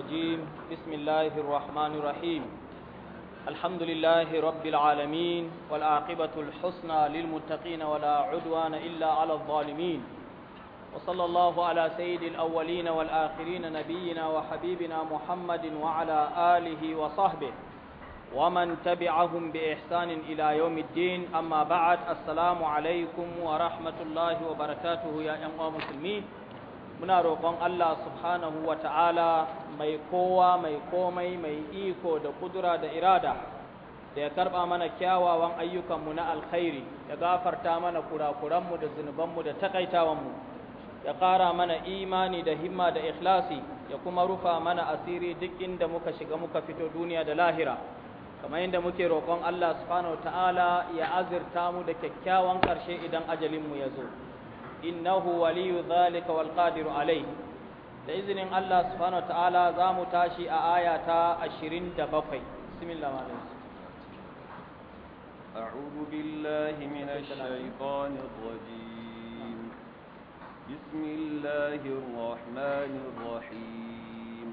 الرجيم بسم الله الرحمن الرحيم الحمد لله رب العالمين والعاقبة الحسنى للمتقين ولا عدوان إلا على الظالمين وصلى الله على سيد الأولين والآخرين نبينا وحبيبنا محمد وعلى آله وصحبه ومن تبعهم بإحسان إلى يوم الدين أما بعد السلام عليكم ورحمة الله وبركاته يا أمام المسلمين muna roƙon Allah subhanahu wa ta'ala mai kowa mai komai mai iko da kudura da irada da ya karɓa mana kyawawan ayyukanmu na alkhairi ya gafarta mana kurakuranmu da zunubanmu da takaitawanmu ya ƙara mana imani da himma da ikhlasi ya kuma rufa mana asiri duk inda muka shiga muka fito duniya da lahira kamar yadda muke roƙon Allah subhanahu wa ta'ala ya azirta mu da kyakkyawan ƙarshe idan ajalinmu ya zo. innahu waliyu zalika wal qadiru alayh da izinin Allah subhanahu wataala za mu tashi a aya ta 27 bismillah ma'ana أعوذ بالله من الشيطان الرجيم بسم الله الرحمن الرحيم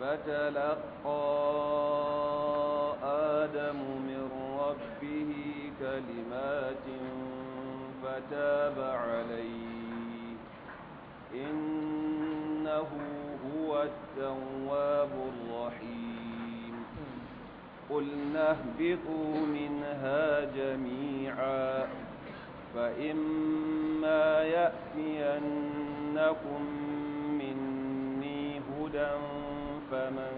فتلقى آدم من ربه كلمات فتاب عليه إنه هو التواب الرحيم قلنا اهبطوا منها جميعا فإما يأتينكم مني هدى فمن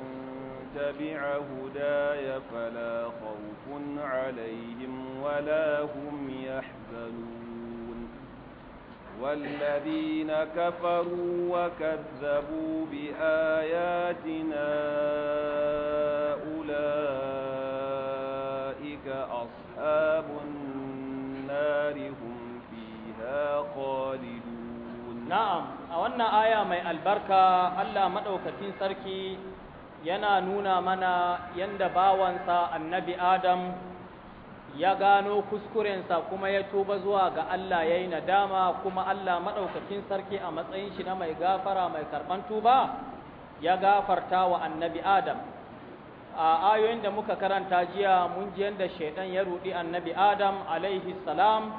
تبع هداي فلا خوف عليهم ولا هم يحزنون والذين كفروا وكذبوا بآياتنا أولئك أصحاب النار هم فيها خالدون نعم أولنا آية من البركة ألا مدوكتين سركي yana nuna mana yanda bawansa annabi Adam ya gano kuskurensa kuma ya tuba zuwa ga Allah ya yi nadama kuma Allah maɗaukakin sarki a matsayin shi na mai gafara mai karɓan tuba ya gafarta wa annabi Adam. A ayoyin da muka karanta jiya mun ji yadda shaiɗan ya ruɗi annabi Adam alaihi salam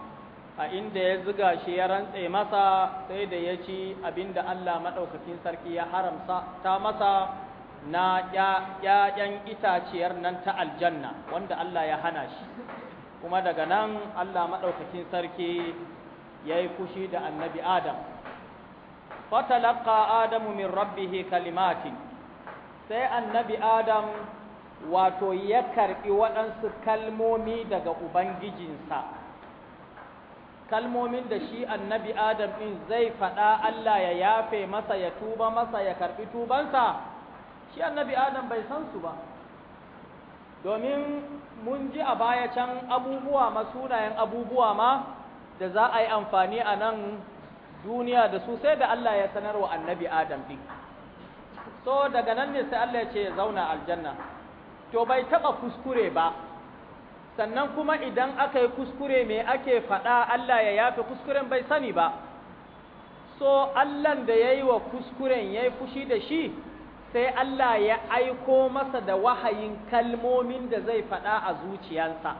a inda ya ziga shi ya rantse masa sai da ya ci abinda Allah maɗaukakin sarki ya haramta masa na ‘ya'yan itaciyar nan ta aljanna wanda Allah ya hana shi. kuma daga nan Allah maɗaukakin sarki ya yi fushi da annabi Adam. Fatalaka Adamu min rabbihi kalimatin, sai annabi Adam wato ya karɓi waɗansu kalmomi daga Ubangijinsa. Kalmomin da shi annabi Adam ɗin zai faɗa Allah ya yafe masa ya tuba masa ya karɓi tubansa, shi annabi Adam bai san su ba. domin mun ji a baya can abubuwa ma sunayen abubuwa ma da za a yi amfani a nan duniya da su sai da Allah ya sanar wa annabi Adam din so daga nan ne sai Allah ya ce zauna aljanna to bai taɓa kuskure ba sannan kuma idan aka yi kuskure me ake faɗa Allah ya yafe kuskuren bai sani ba so Allah da ya yi wa kuskuren ya yi fushi da shi sai Allah ya aiko masa da wahayin kalmomin da zai faɗa a zuciyansa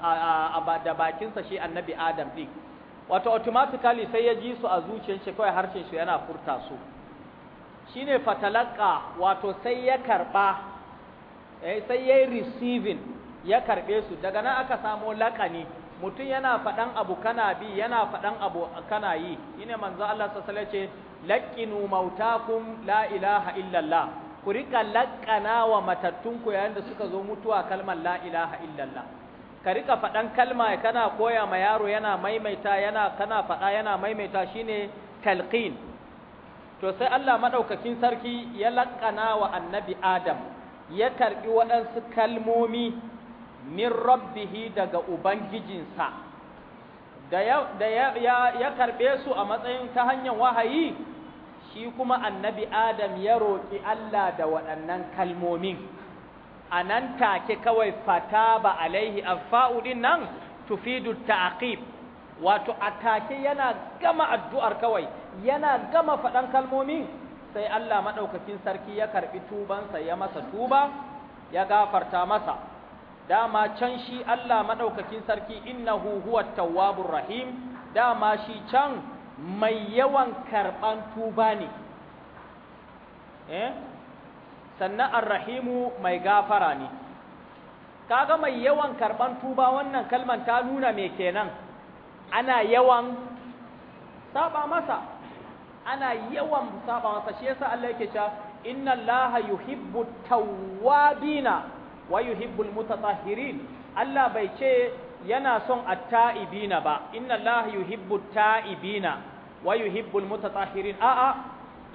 da bakinsa shi annabi Adam ɗin wato automatically sai ya ji su a zuciyar shi kawai harshen shi yana furta su shine fatalaka wato sai ya karba eh, sai ya receiving ya karbe su daga nan aka samo laƙani mutum yana faɗan abu kana bi yana faɗan abu kana yi shine manzo Allah sallallahu alaihi wasallam ce laqinu mautakum la ilaha illallah ku rika laƙana wa matattunku yayin da suka zo mutuwa kalmar la ilaha illallah ka rika faɗan kalma kana koya ma yaro yana maimaita yana kana faɗa yana maimaita shine talqin to sai Allah madaukakin sarki ya laƙana wa annabi Adam ya karbi waɗansu kalmomi min rabbihi daga ubangijinsa da ya, ya, ya karbe su a matsayin ta hanyar wahayi shi kuma annabi Adam ya roƙi Allah da waɗannan kalmomin a nan take kawai fata ba alaihi alfa'udin nan tufidu ta'aƙib. wato a take yana gama addu'ar kawai yana gama faɗan kalmomin sai Allah maɗaukakin sarki ya karɓi tubansa ya masa tuba ya gafarta masa dama can shi Allah maɗaukakin sarki innahu huwa tawwabur rahim dama shi can mai yawan karɓan tuba ne eh? sannan arrahimu mai gafara ne kaga mai yawan karɓan tuba wannan kalman ta nuna mai kenan ana yawan saba masa ana yawan saba masa shi yasa Allah yake cewa inna Allaha yuhibbu tawwabina wa yuhibbul mutatahhirin Allah bai ce yana son at-ta'ibina ba inna Allaha yuhibbu at-ta'ibina wa yuhibbul mutatahirin a'a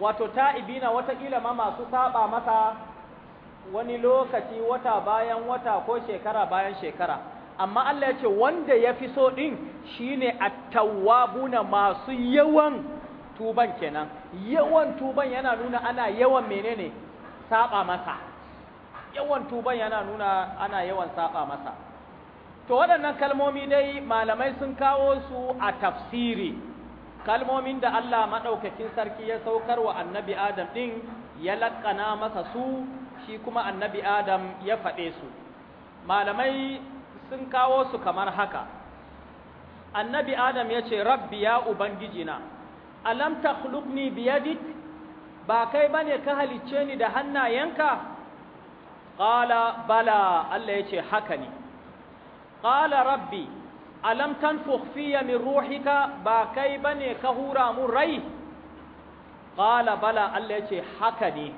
wato ta'ibina watakila ma masu saba masa wani lokaci wata bayan wata ko shekara bayan shekara amma Allah ya ce wanda ya fi so ɗin shine attawabuna masu yawan tuban kenan yawan tuban yana nuna ana yawan menene saba masa yawan tuban yana nuna ana yawan saba masa to waɗannan kalmomi dai malamai sun kawo su a tafsiri kalmomin da Allah maɗaukakin sarki ya saukar wa annabi Adam ɗin ya laƙana masa su shi kuma annabi Adam ya faɗe su malamai sun kawo su kamar haka annabi Adam ya ce rabbi ya ubangijina alam takhluqni biyadik ba kai bane ka halicce ni da hannayenka qala bala Allah ya ce haka ne Ƙala rabbi alam tanfukh fiyya min ruhika ba kai ba ne ka hura mun rai Ƙala bala Allah ya ce haka ne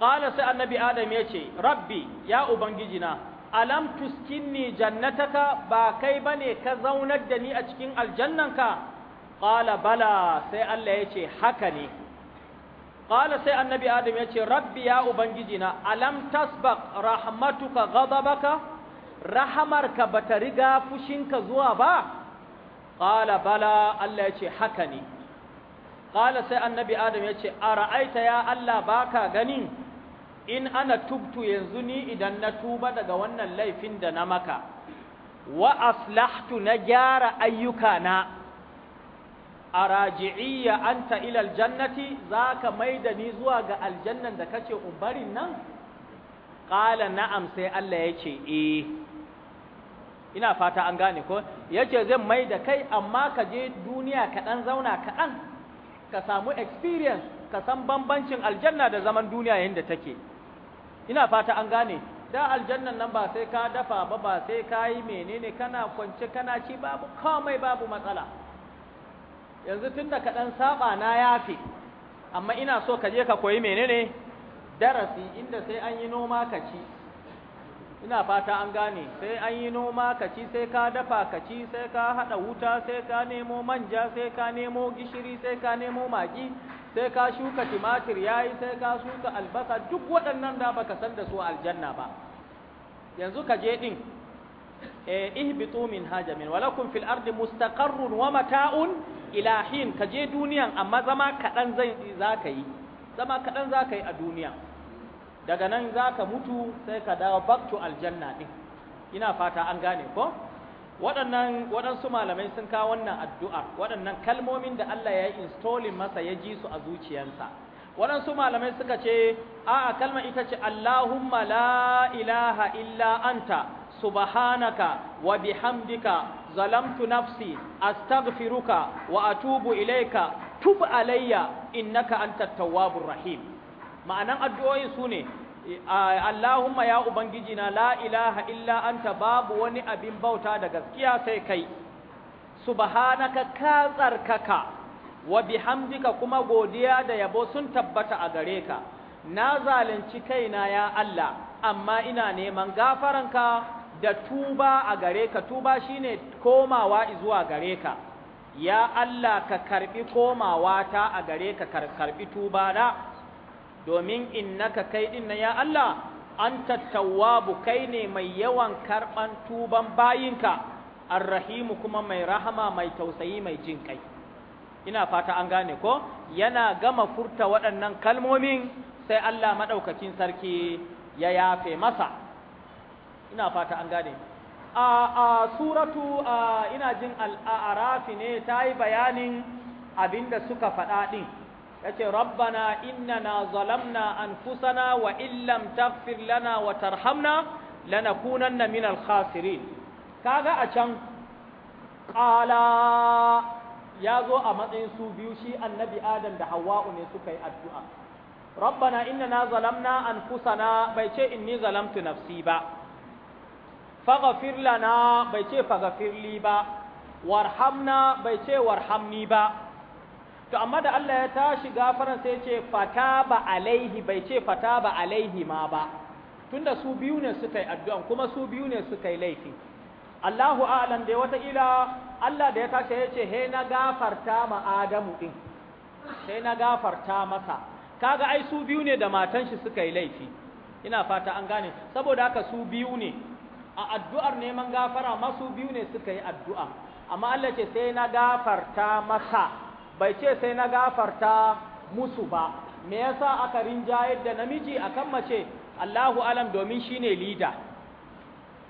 Ƙala sai annabi adam ce rabbi ya ubangijina alam tuskinni jannataka ba kai ba ne ka zaunar da ni a cikin aljannanka Ƙala bala sai Allah ya ce haka ne Ƙala sai annabi adam ce rabbi ya ubangijina alam tasbaq rahmatuka ghadabaka rahamarka ba ta riga fushinka zuwa ba ƙala bala Allah ya ce haka ne ƙala sai annabi adam ya ce a ra'aita ya Allah baka ganin in ana tubtu yanzu ni idan na tuba daga wannan laifin da na maka wa aslahtu na gyara ayyukana a raji'iyya anta ilal jannati za ka maida ni zuwa ga aljannan da kace umbarin nan ƙala na'am sai Allah ya ce eh ina fata an gane ko yace zan mai da kai amma ka je duniya ka dan zauna ka dan ka samu experience ka san bambancin aljanna da zaman duniya yadda take ina fata an gane da aljannan nan ba sai ka dafa ba ba sai ka yi menene kana kwance kana ci babu komai babu matsala yanzu tunda ka dan saba na yafe amma ina so ka je ka koyi menene darasi inda sai an yi noma ka ci ina fata an gane sai an yi noma ka ci sai ka dafa ka ci sai ka haɗa wuta sai ka nemo manja sai ka nemo gishiri sai ka nemo maki sai ka shuka timatir yayi sai ka shuka albasa duk waɗannan da baka san da su aljanna ba yanzu ka je din eh ihbitu min hajamin walakum fil ardi mustaqarrun wa mata'un ila hin ka je duniyan amma zama kaɗan zai zaka yi zama kaɗan zaka yi a duniya daga nan za ka mutu sai ka dawo back to aljanna ɗin ina fata an gane ko waɗannan waɗansu malamai sun kawo wannan addu'ar waɗannan kalmomin da Allah ya yi installing masa ya ji su a zuciyarsa waɗansu malamai suka ce a a kalma ita ce Allahumma la ilaha illa anta subhanaka wa bihamdika zalamtu nafsi astaghfiruka wa atubu ilaika tub alayya innaka antat tawwabur rahim ma'anan addu'o'in su ne Allahumma ya ubangiji na la ilaha illa anta babu wani abin bauta da gaskiya sai kai subhanaka ka tsarkaka wa bihamdika kuma godiya da yabo sun tabbata a gare ka na zalunci kaina ya Allah amma ina neman gafaranka da tuba a gare ka tuba shine komawa zuwa gare ka ya Allah ka karbi komawa ta a gare ka karbi tuba na domin innaka kai din na ya Allah an tattawabu kai ne mai yawan karɓan tuban bayinka arrahimu kuma mai rahama mai tausayi mai jin kai ina fata an gane ko yana gama furta waɗannan kalmomin sai Allah maɗaukakin sarki ya yafe masa ina fata an gane a suratu ina jin al'arafi ne ta yi bayanin abinda suka faɗa ɗin yace rabbana innana zalamna anfusana wa illam taghfir lana wa tarhamna lanakunanna minal khasirin kaga a can ƙala ya zo a matsayin su biyu shi annabi adam da hawa'u ne suka yi addu'a rabbana innana zalamna anfusana bai ce inni zalamtu nafsi ba faghfir lana bai ce faghfir ba warhamna bai ce warhamni ba to amma da Allah ya tashi gafaran sai ce fataba alaihi bai ce fata ba alaihi ma ba tunda su biyu ne suka yi addu'an kuma su biyu ne suka yi laifi Allahu a'lam dai wataƙila Allah da ya tashi ya ce he na gafarta ma Adamu din sai na gafarta masa kaga ai su biyu ne da matan shi suka yi laifi ina fata an gane saboda haka su biyu ne a addu'ar neman gafara masu biyu ne suka yi addu'a amma Allah ce sai na gafarta masa bai ce sai na gafarta musu ba me yasa aka rinjayar da namiji akan mace Allahu alam domin shine leader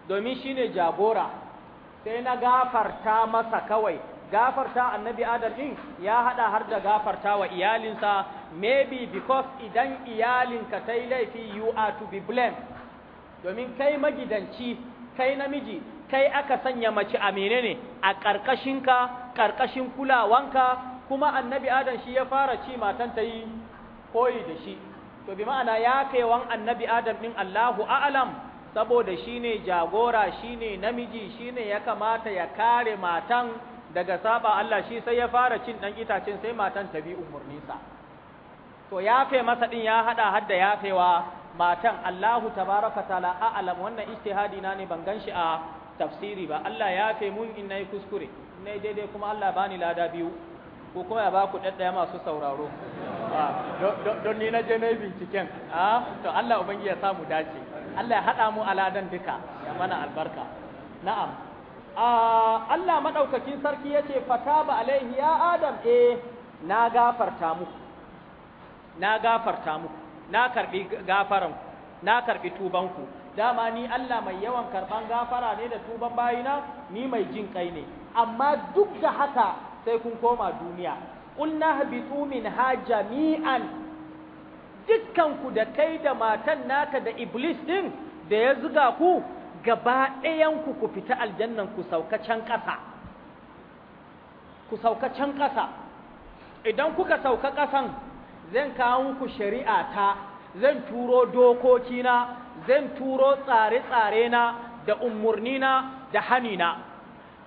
domin shine jagora sai na gafarta masa kawai gafarta annabi adam din ya hada har da gafarta wa iyalinsa maybe because idan iyalinka ta yi laifi you are to be blamed domin kai magidanci kai namiji kai aka sanya mace a menene a ƙarƙashinka ƙarƙashin kulawanka kuma annabi adam shi ya fara ci matan ta yi koyi da shi to bi ma'ana ya kaiwan annabi adam din Allahu a'alam saboda shine jagora shine namiji shine ya kamata ya kare matan daga saba Allah shi sai ya fara cin dan itacen sai matan ta bi umurninsa to ya kai masa din ya hada hadda ya kaiwa matan Allahu tabaraka taala a'lam wannan ijtihadi na ne ban ganshi a tafsiri ba Allah ya kai mun in nayi kuskure in nayi daidai kuma Allah bani lada biyu ko kuma ya ba ku ɗaɗɗaya masu sauraro ah, don ni na je na yi binciken ah, to Allah ubangi ya samu dace Allah ya haɗa mu aladan duka ya mana albarka na'am ah, Allah maɗaukakin sarki ya ce fata ba alaihi ya adam eh na gafarta mu na gafarta mu na karbi gafaranku na karɓi tubanku dama ni Allah mai yawan karban gafara ne da tuban bayina ni mai jin kai ne amma duk da haka sai kun koma duniya qulna habitu minha jami'an dukkan ku da kai da matan naka da iblis din da ya zuga ku gaba ɗayan ku ku fita aljannan ku sauka can ƙasa ku sauka can ƙasa idan kuka sauka ƙasan zan kawo ku shari'a ta zan turo dokokina zan turo tsare-tsare na da umurnina, da hanina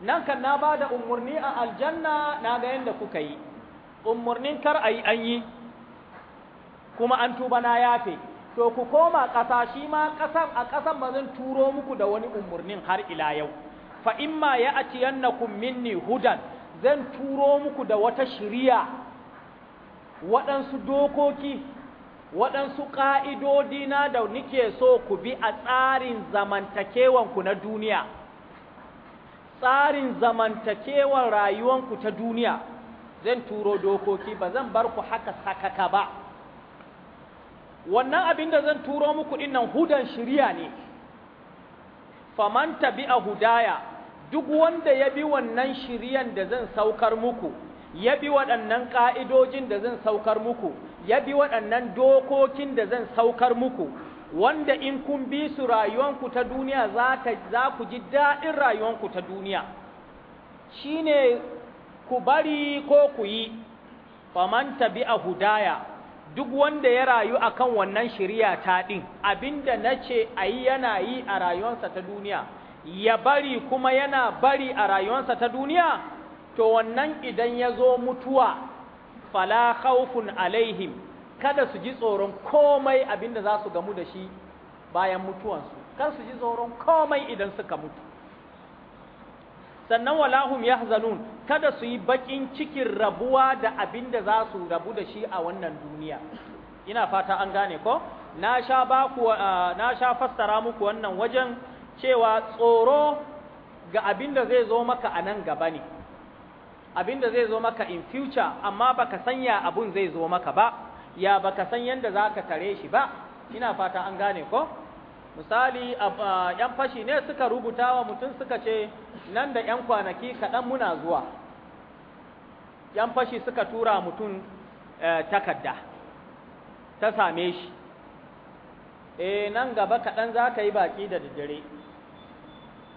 nan kan na ba da umarni a aljanna na ga yadda kuka yi umarnin kar a yi an yi kuma an tuba na yafe to ku koma ƙasa shi ma ƙasan a ƙasan ba zan turo muku da wani umarnin har ila yau fa ma ya na minni hudan zan turo muku da wata shiriya waɗansu dokoki waɗansu ƙa'idodi na da nike so ku bi a tsarin zamantakewanku na duniya tsarin zamantakewar rayuwanku ta duniya zan turo dokoki ba zan bar ku haka sakaka ba wannan abin da zan turo muku dinnan hudan shiriya ne faman a hudaya duk wanda ya bi wannan shiryan da zan saukar muku ya bi waɗannan ƙa'idojin da zan saukar muku ya bi waɗannan dokokin da zan saukar muku wanda in kun bi su rayuwanku ta duniya za ku ji daɗin rayuwanku ta duniya shine ku bari ko ku yi faman bi a hudaya duk wanda ya rayu akan wannan shirya ta ɗin abinda na ce a yi yana yi a rayuwansa ta duniya ya bari kuma yana bari a rayuwansa ta duniya to wannan idan ya zo mutuwa fala khawfun alaihim kada su ji tsoron komai abinda za su gamu da shi bayan mutuwansu kar su ji tsoron komai idan suka mutu sannan walahum yahzanun kada su yi bakin cikin rabuwa da abinda za su rabu da shi a wannan duniya ina fata an gane ko na sha ba ku na sha fassara muku wannan wajen cewa tsoro ga abinda zai zo maka a nan gaba ne abinda zai zo maka in future amma baka sanya abun zai zo maka ba ya baka san yadda za ka tare shi ba ina fata an gane ko misali yan fashi ne suka rubuta wa mutum suka ce nan da yan kwanaki kaɗan muna zuwa yan fashi suka tura mutum e, takarda ta same shi e nan gaba kaɗan za ka yi baki da daddare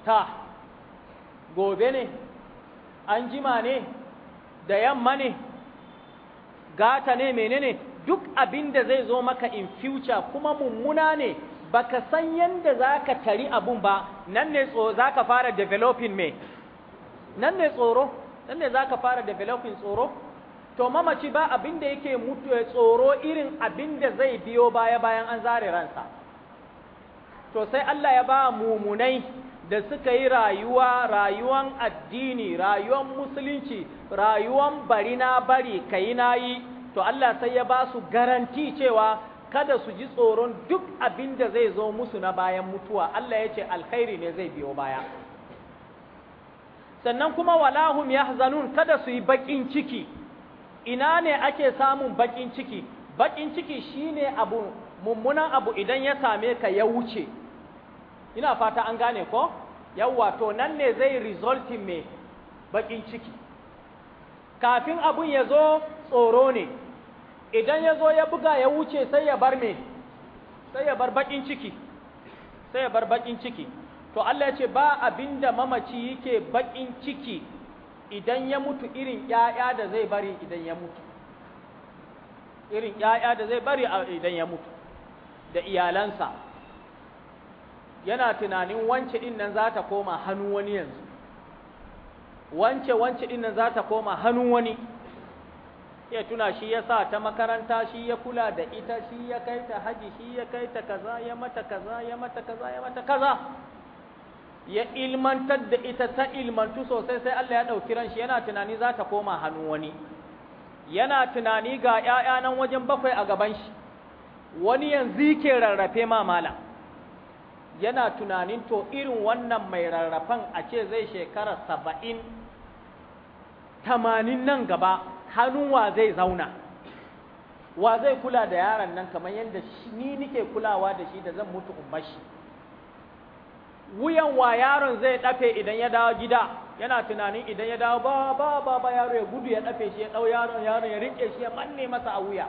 ta gobe ne an jima ne da yamma ne gata ne menene duk abin da zai zo maka in future kuma mummuna ne baka san yanda zaka tari abun ba nan ne tsoro zaka fara developing me nan ne tsoro nan ne zaka fara developing tsoro to mamaci ba abin da yake mutu eh, tsoro irin abin da zai biyo baya bayan an zare ransa to sai Allah ya ba mumunai da suka yi rayuwa rayuwan addini rayuwan musulunci rayuwan bari na bari kai na yi to Allah sai ya ba su garanti cewa kada su ji tsoron duk abin da zai zo musu na bayan mutuwa Allah ya ce alkhairi ne zai biyo baya sannan kuma walahum yahzanun kada su yi bakin ciki ina ne ake samun bakin ciki bakin ciki shine abu mummunan abu idan ya same ka ya wuce ina fata an gane ko yawwa to nan ne zai resulting me bakin ciki kafin abun ya zo tsoro ne idan ya zo ya buga ya wuce sai ya bar me sai ya bar bakin ciki sai ya bar bakin ciki to Allah ya ce ba abinda mamaci yake bakin ciki idan ya mutu irin ƴaƴa da zai bari idan ya mutu irin ƴaƴa da zai bari idan ya mutu da iyalansa yana tunanin wance din nan za ta koma hannun wani yanzu wance wance din nan za ta koma hannun wani ya tuna shi ya sa ta makaranta shi ya kula da ita shi ya kai ta haji shi ya kai ta kaza ya mata kaza ya mata kaza ya mata kaza ya ilmantar da ita ta ilmantu sosai sai Allah ya ɗauki ran yana tunani za ta koma hannu wani yana tunani ga ‘ya'ya nan wajen bakwai a gaban shi wani yanzu ke rarrafe ma malam yana tunanin to irin wannan mai rarrafen a ce zai shekara saba'in tamanin nan gaba hannun wa zai zauna wa zai kula da yaron nan kamar yadda ni nike kulawa da shi da zan mutu in shi. wuyan wa yaron zai dafe idan ya dawo gida yana tunanin idan ya dawo ba ba ba yaro ya gudu ya dafe shi ya dau yaron yaron ya rike shi ya manne masa a wuya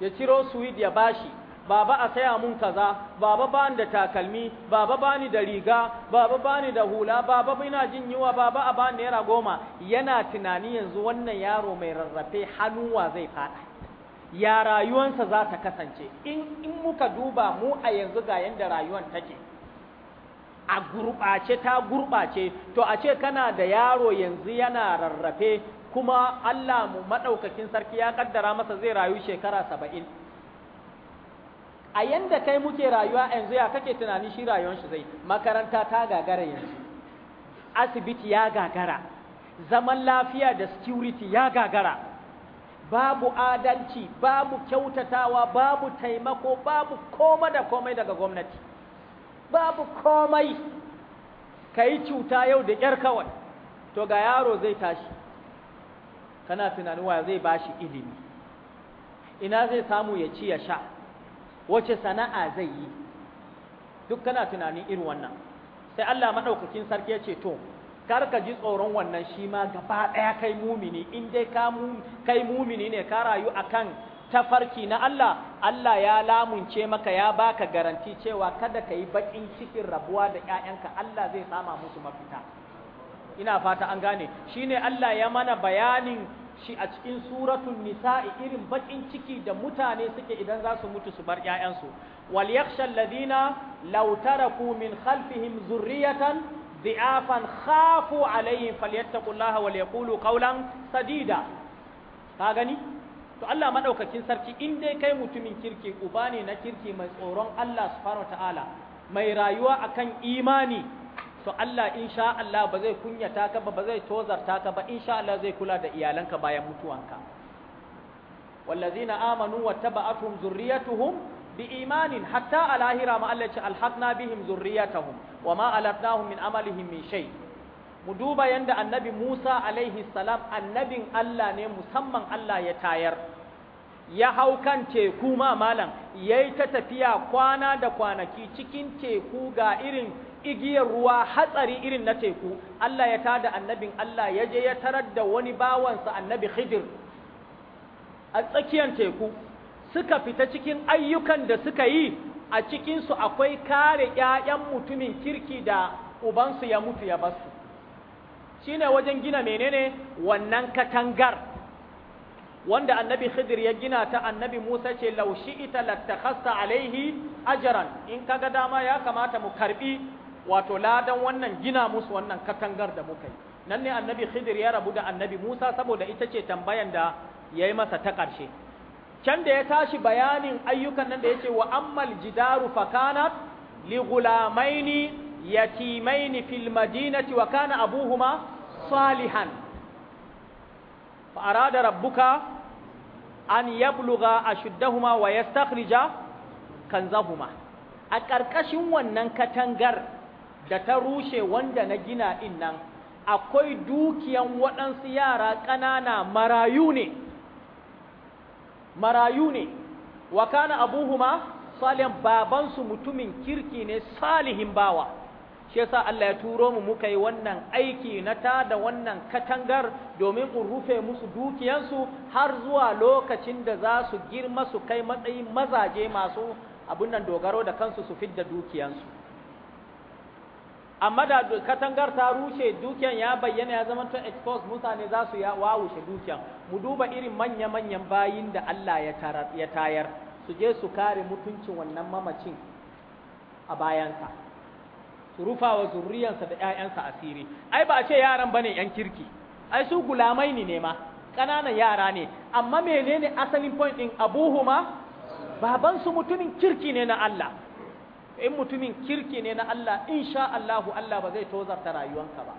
ya ciro suwid ya bashi baba a saya mun kaza baba bani da takalmi baba bani da riga baba bani da hula baba ina jin yiwa baba a bani naira goma yana tunani yanzu wannan yaro mai rarrafe hannuwa zai fada ya rayuwansa za ta kasance in in muka duba mu a yanzu ga yanda rayuwan take a gurɓace ta gurɓace to a ce kana da yaro yanzu yana rarrafe kuma Allah mu madaukakin sarki ya kaddara masa zai rayu shekara saba'in a yanda kai muke rayuwa yanzu ya kake tunani shi rayuwar shi zai makaranta ta gagara yanzu asibiti ya gagara zaman lafiya da security ya gagara babu adalci babu kyautatawa babu taimako babu koma da komai daga gwamnati babu komai ka yi cuta yau da ƙyar kawai to ga yaro zai tashi kana tunanin wa zai shi ilimi ina zai samu ya ci ya sha wace sana'a zai yi duk kana tunanin irin wannan sai Allah madaukakin sarki ya ce to kar ka ji tsoron wannan shi ma gaba daya kai mumini in dai ka kai mumini ne ka rayu akan tafarki na Allah Allah ya lamunce maka ya baka garanti cewa kada ka yi baƙin cikin rabuwa da 'ya'yanka, Allah zai sama musu mafita ina fata an gane Shi ne Allah ya mana bayanin shi a cikin suratul nisa'i irin bakin ciki da mutane suke idan za su mutu su bar ƴaƴansu wal yakhsha alladhina law taraku min khalfihim zurriyatan dhi'afan khafu alaihim falyattaqullaha wal yaqulu qawlan sadida ka gani to Allah madaukakin sarki in dai kai mutumin kirki uba ne na kirki mai tsoron Allah subhanahu wataala mai rayuwa akan imani to Allah insha Allah ba zai kunyata ka ba ba zai tozarta ka ba insha Allah zai kula da iyalanka bayan mutuwanka wallazina amanu wattaba'atuhum zurriyatuhum imanin, hatta alahira ma Allah ya ce alhaqna bihim zurriyatahum wama alatnahum min amalihim min shay mu duba yanda annabi Musa alaihi salam annabin Allah ne musamman Allah ya tayar ya hau kan teku ma malam yayi ta tafiya kwana da kwanaki cikin teku ga irin igiyar ruwa hatsari irin na teku Allah ya tada annabin Allah ya je ya tarar da wani bawansa annabi Khidir a tsakiyar teku suka fita cikin ayyukan da suka yi a cikinsu akwai kare ‘ya'yan mutumin kirki da ubansu ya mutu ya basu shi ne wajen gina menene wannan katangar wanda annabi khidir ya gina ta annabi musa ce laushi ita lattakasta alaihi ajaran in kaga dama ya kamata mu karbi wato ladan wannan gina musu wannan katangar da muka yi nan ne annabi khidir ya rabu da annabi musa saboda ita ce tambayan da ya yi masa ta ƙarshe can da ya tashi bayanin ayyukan nan da ya ce wa ammal jidaru fakanat li gulamaini yatimaini fil madinati wa kana abuhuma salihan fa arada rabbuka an yabluga ashuddahuma wa yastakhrija kanzahuma a ƙarƙashin wannan katangar da ta rushe wanda na gina innan, nan akwai dukiyan waɗansu yara ƙanana marayu ne marayu ne wa kana abuhuma salihan babansu mutumin kirki ne salihin bawa shi yasa Allah ya turo mu muka yi wannan aiki na ta da wannan katangar domin in rufe musu dukiyansu har zuwa lokacin da za su girma su kai matsayin mazaje masu abun nan dogaro da kansu su fidda dukiyansu amma da katangar ta rushe dukiyan ya bayyana ya zama to expose mutane za su wawushe dukiyan mu duba irin manya-manyan bayin da Allah ya tayar su je su kare mutuncin wannan mamacin a bayansa su rufa wa da 'ya'yansa asiri ai ba a ce yaran bane yan kirki ai su gulamai ne ma ƙananan yara ne amma menene asalin point din abuhuma babansu mutumin kirki ne na Allah in mutumin kirki ne na Allah insha Allahu Allah ba zai tozarta rayuwanka ba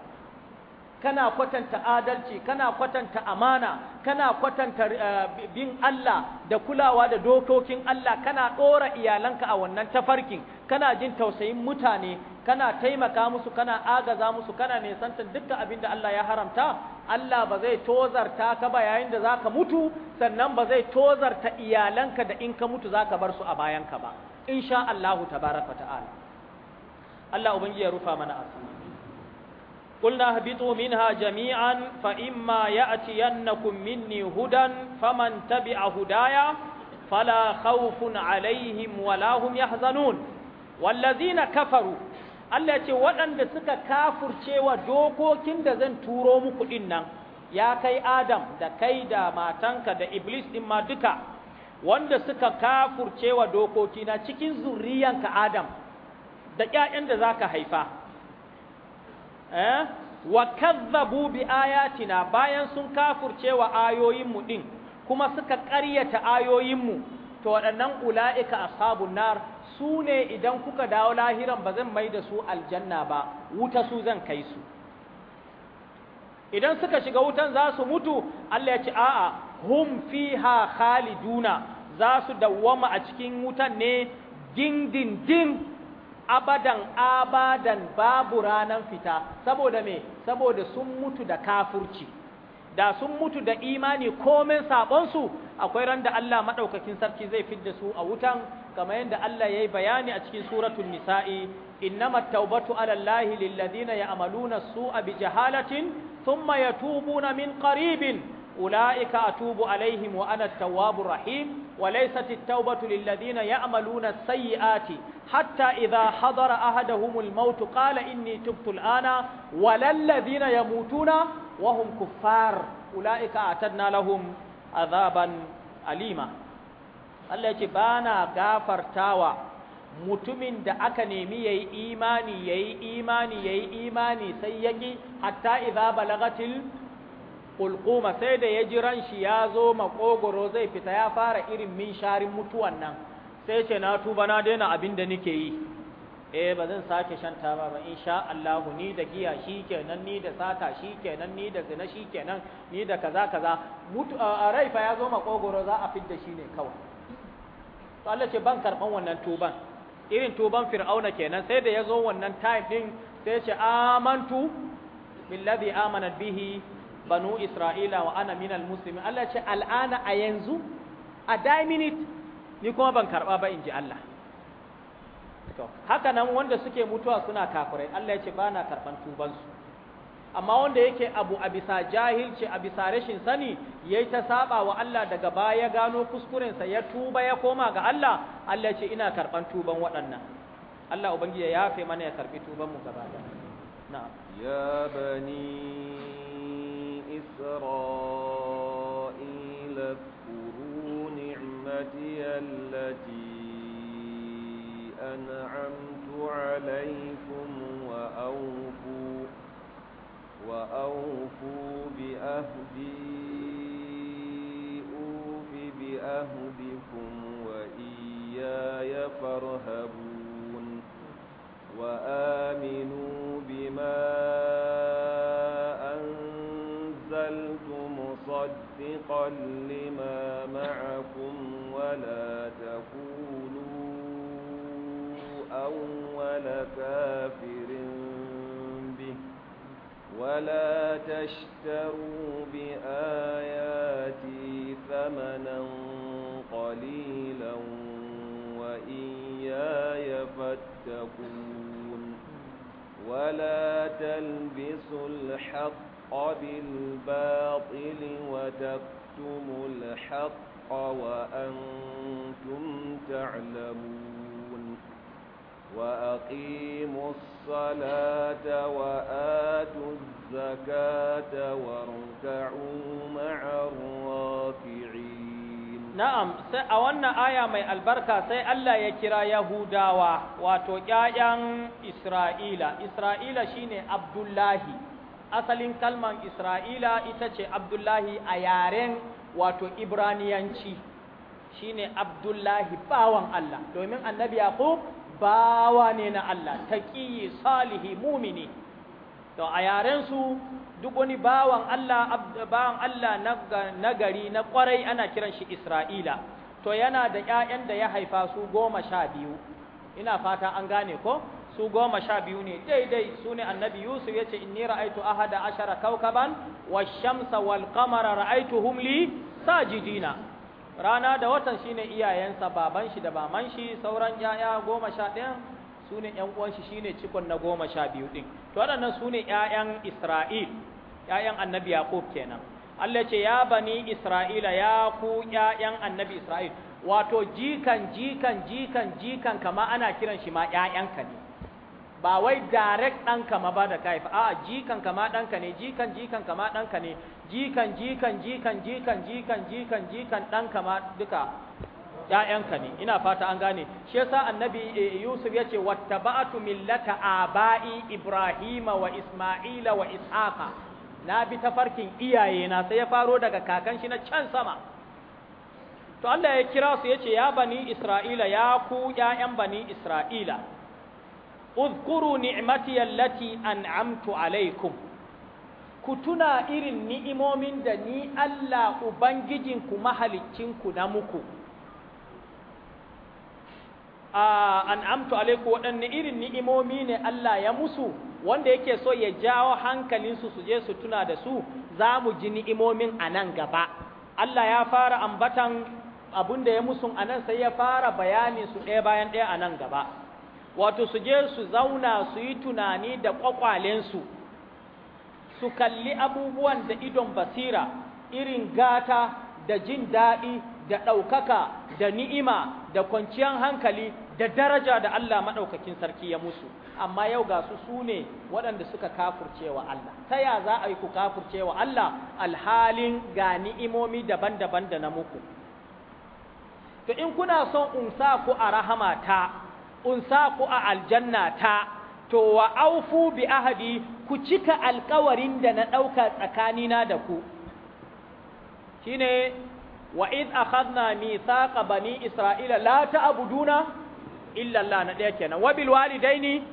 kana kwatanta adalci kana kwatanta amana kana kwatanta eh, bin Allah da kulawa da dokokin Allah kana ɗora iyalanka a wannan tafarkin kana jin tausayin mutane kana taimaka musu kana agaza musu kana nesanta dukkan abin da Allah ya haramta Allah ba zai tozarta ka ba yayin da zaka mutu sannan ba zai tozarta iyalanka da in ka mutu zaka bar su a bayanka ba in sha Allahu tabarak wa ta’ala. Allah ubangi ya rufa mana a sama. Ƙulna habito jami’an fahimma ma ya a ci yannakun minni hudan faman tabi a hudaya, fala haufun alaihim walahu ya Wallazi na kafaru, Allah ce waɗanda suka kafurcewa dokokin da zan turo muku ɗin nan, ya kai Adam da kai da matanka da Iblis ɗin ma duka. wanda suka kafurcewa wa dokokina cikin zurriyanka Adam da ƴaƴan da zaka haifa eh wa kazzabu bi ayatina bayan sun kafurce wa ayoyinmu ɗin, kuma suka ƙaryata ayoyinmu to waɗannan ula'ika ashabun nar su ne idan kuka dawo lahiran ba zan mai da su aljanna ba wuta su zan kai su idan suka shiga wutan za su mutu Allah ya ce a'a hum fiha khaliduna za su dawwama a cikin wutan ne dindindin abadan abadan babu ranan fita saboda me saboda sun mutu da kafurci da sun mutu da imani komen sabonsu akwai ran da Allah madaukakin sarki zai fidda su a wutan kamar yadda Allah yayi bayani a cikin suratul nisa'i innamat tawbatu ala lil ladina ya'maluna su'a bi jahalatin thumma yatubuna min qaribin ulaika atubu alaihim wa ana at-tawwabur rahim وليست التوبة للذين يعملون السيئات حتى إذا حضر أحدهم الموت قال إني تبت الآن ولا الذين يموتون وهم كفار أولئك أعتدنا لهم عذابا أليما Allah ya ce ba na gafartawa mutumin da aka nemi ya yi imani ya yi imani ya yi imani sai ya ƙi hatta iza balagatil ƙulƙuma sai da ya ji ran shi ya zo makogoro zai fita ya fara irin min sharin mutuwan nan sai ce na tuba na daina abin da nake yi eh ba zan sake shan ba ba insha Allah ni da giya shi kenan, ni da sata shi kenan, ni da zina kenan, ni da kaza kaza mutu a rai fa ya zo makogoro za a fidda shi ne kawai to Allah ce ban karban wannan tuban irin tuban fir'auna kenan sai da ya zo wannan time din sai ce amantu billazi amanat bihi banu isra'ila wa ana minal muslimin Allah ce al'ana a yanzu a minute ni kuma ban karba ba in ji Allah haka nan wanda suke mutuwa suna kafirai Allah ya ce ba na karban tubansu amma wanda yake abu a bisa jahilci a bisa rashin sani ya yi ta saba wa Allah daga baya ya gano kuskurensa ya tuba ya koma ga Allah Allah ya ce ina karban tuban waɗannan Allah ubangiji ya yafe mana ya karbi tuban mu gaba da na'am ya bani إسرائيل اذكروا نعمتي التي أنعمت عليكم وأوفوا وأوفوا بأهدي أوف بأهدكم وإياي فارهبون وآمنوا بما لما معكم ولا تكونوا أول كافر به ولا تشتروا بآياتي ثمنا قليلا وإياي فاتقون ولا تلبسوا الحق بالباطل وتكفروا أَقْرَرْتُمُ الْحَقَّ وَأَنْتُمْ تَعْلَمُونَ وَأَقِيمُوا الصَّلَاةَ وَآتُوا الزَّكَاةَ وَارْكَعُوا مَعَ الرَّاكِعِينَ نعم sai a wannan aya mai albarka sai Allah ya kira Yahudawa wato 'ya'yan Isra'ila Isra'ila shine Abdullahi asalin kalman Isra'ila ita ce Abdullahi a yaren wato Ibraniyanci shi ne Abdullahi bawan Allah domin annabi ku bawa ne na Allah taqiyi salihi mumini to a yaren su duk wani bawan Allah bawan Allah na gari na kwarai ana kiran shi Isra'ila to yana da 'ya'yan da ya haifa su goma sha biyu ina fata an gane ko su goma sha biyu ne daidai su ne annabi yusuf ya ce in inni ra'aitu ahada ashara kaukaban shamsa wal qamara ra'aituhum li sajidina rana da watan shine iyayensa baban shi da baman shi sauran yaya goma sha ɗaya su ne ƴan uwan shi shine cikon na goma sha biyu ɗin to waɗannan su ne ƴaƴan isra'il ƴaƴan annabi yaqub kenan Allah ce ya bani isra'ila ya ku ƴaƴan annabi isra'il wato jikan jikan jikan jikan kama ana kiran shi ma ƴaƴanka ne ba wai direct ɗanka ma ba da ka a'a jikan kama ɗanka ne jikan jikan kama ɗanka ne jikan jikan jikan jikan jikan jikan jikan ɗanka ma duka ‘ya'yanka ne ina fata an gane shi yasa annabi eh, yusuf ya ce wattaba'atu millata aba'i ibrahima wa isma'ila wa ishaqa na bi tafarkin iyaye na sai ya faro daga kakan shi na can sama to Allah ya kira su ya ce ya bani isra'ila ya ku ‘ya'yan bani isra'ila uzkuru ni'mati allati an'amtu alaikum ku tuna irin ni'imomin da ni Allah ubangijinku mahalicinku na muku an'amtu alaikum waɗanne irin ni'imomi ne Allah ya musu wanda yake so ya jawo hankalinsu su je su tuna da su za mu ji ni'imomin a nan gaba Allah ya fara ambatan abunda da ya musu a nan sai ya fara bayanin su ɗaya bayan ɗaya a nan gaba wato su je su zauna su yi tunani da ƙwaƙwalensu su kalli abubuwan da idon basira irin gata da jin daɗi da ɗaukaka da ni'ima da kwanciyar hankali da daraja da Allah maɗaukakin sarki ya musu amma yau ga su su ne waɗanda suka wa Allah ta ya za a yi ku wa Allah alhalin ga ni'imomi daban-daban da na muku to in kuna son in sa ku a rahama ta unsaku a aljanna ta to wa aufu bi ahadi ku cika alkawarin da na ɗauka tsakanina da ku shine wa id akhadna mithaqa bani isra'ila la ta'buduna illa Allah na ɗaya kenan wa bil walidaini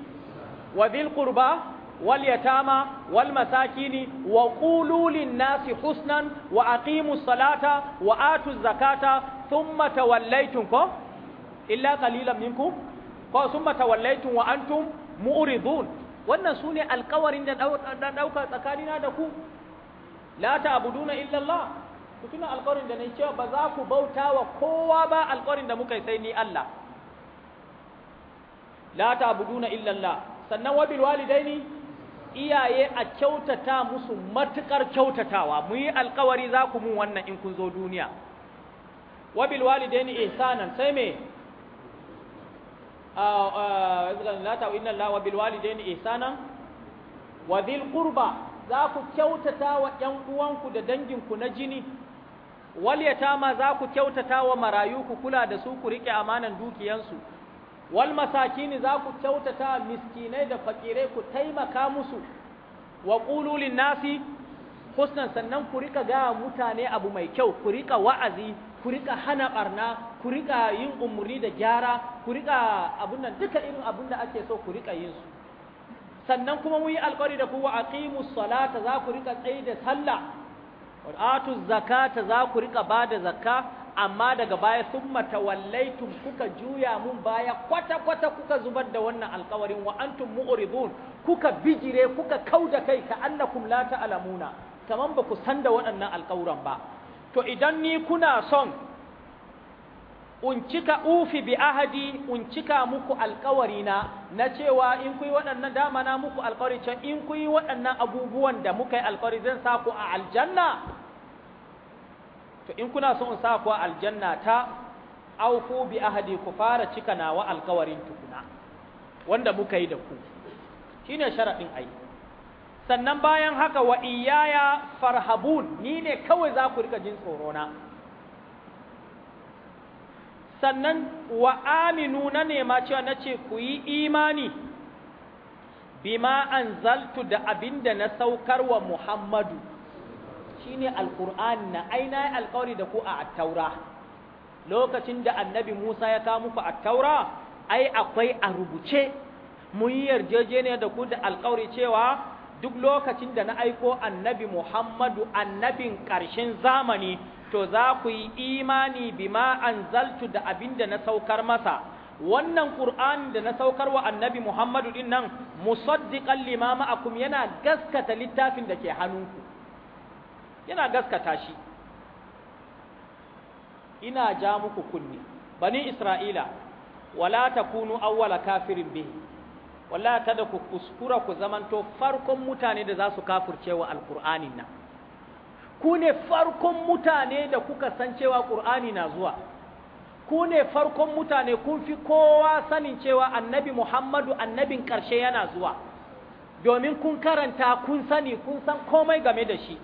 wa dhil qurba wal yatama wal masakini wa qulu lin nasi husnan wa aqimu salata wa atu zakata thumma tawallaytum ko illa qalilan minkum ko sun mata wallaitun wa antum mu'ridun wannan su ne alkawarin da ɗaukar tsakanina da ku la ta'buduna na illallah, ku tuna alkawarin da na yi cewa ba za ku bauta wa kowa ba alkawarin da muka yi sai ni Allah la ta'buduna na illallah, sannan wa walidaini iyaye a kyautata musu matukar kyautatawa mu yi alkawari za ku mun wannan in kun zo duniya wa bil walidaini ihsanan sai me la ta inna Allah wa bil walidaini ihsana wa dhil qurba za ku kyautata wa ƴan uwanku da danginku na jini wal yatama za ku kyautata wa marayu ku kula da su ku rike amanan dukiyansu wal masakini za ku kyautata miskinai da fakirai ku taimaka musu wa qulu lin nasi husnan sannan ku rika ga mutane abu mai kyau ku rika wa'azi ku rika hana ɓarna, ku riƙa yin umuri da gyara ku rika abin nan duka irin abun da ake so ku rika yin su sannan kuma mun yi alƙawari da ku a aqimus salata za ku rika tsayi da sallah wa zakata za ku rika ba da zakka amma daga baya summa tawallaitum kuka juya mun baya kwata kwata kuka zubar da wannan alƙawarin wa antum kuka bijire kuka kauda kai ka annakum la ta'lamuna kaman ba ku san da waɗannan alƙawuran ba to idan ni kuna son uncika ufi bi ahadi uncika muku alkawari na na cewa in kuyi waɗannan damana muku alkawari can in kuyi waɗannan abubuwan da muka yi alkawari zan sa ku a aljanna to in kuna son in sa ku a aljanna ta auku bi ahadi ku fara cika nawa alkawarin tukuna wanda muka yi da ku shine sharaɗin ai sannan bayan haka wa iyaya farhabun ni ne kawai za ku rika jin tsorona sannan wa aminu na nema cewa na ce ku yi imani bima zaltu da abinda na saukar wa muhammadu Shi ne alkur'ani na aina ya alkawari da ku a attaura lokacin da annabi musa ya kawo muku attaura ai akwai a rubuce mun yi yarjejeniya da ku da alkawari cewa duk lokacin da na aiko annabi Muhammadu annabin ƙarshen zamani to za ku yi imani bima anzaltu da abin da na saukar masa wannan Qur'ani da na saukar wa annabi Muhammadu din nan musaddiqan a ma'akum yana gaskata littafin da ke hannunku yana gaskata shi ina ja muku kunni bani Isra'ila wala takunu awwala kafirin bihi wallahi kada ku kuskura ku zamanto farkon mutane da za su kafurce wa alkur'anin nan ku ne farkon mutane da kuka san cewa ƙur'ani na zuwa ku ne farkon mutane kun fi kowa sanin cewa annabi muhammadu annabin karshe yana zuwa domin kun karanta kun sani kun san komai game da shi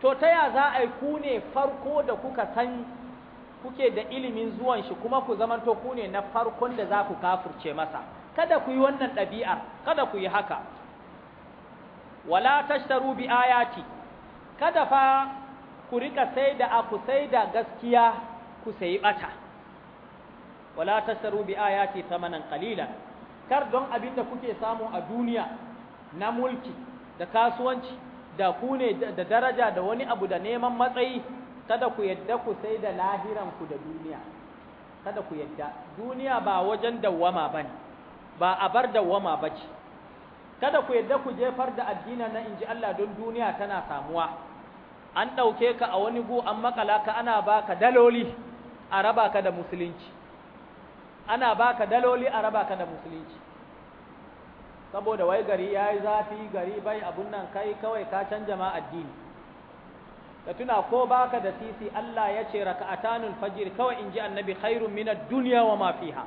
to ta ya za a yi ku ne farko da kuka san kuke da ilimin zuwan shi kuma ku zamanto ku ne na farkon da za ku kafurce masa kada ku yi wannan ɗabi'ar kada ku yi haka wala tashtaru bi ayati kada fa ku rika sai da aku sai da gaskiya ku sayi bata wala tashtaru bi ayati thamanan qalilan kar don abin da kuke samu a duniya na mulki da kasuwanci da ku ne da daraja da wani abu da neman matsayi kada ku yadda ku sai da lahiran ku da duniya kada ku yadda duniya ba wajen dawwama bane ba a bar da wama ba ce kada ku yadda ku jefar da addinin na in ji Allah don duniya tana samuwa an ɗauke ka a wani gu an makala ka ana baka daloli a raba ka da musulunci ana baka daloli a raba ka da musulunci saboda wai gari ya yi zafi gari bai abun nan kai kawai ka canja ma addini ka tuna ko baka da sisi Allah ya ce raka tanun Fajir kawai in ji annabi khairun minad dunya wa ma fiha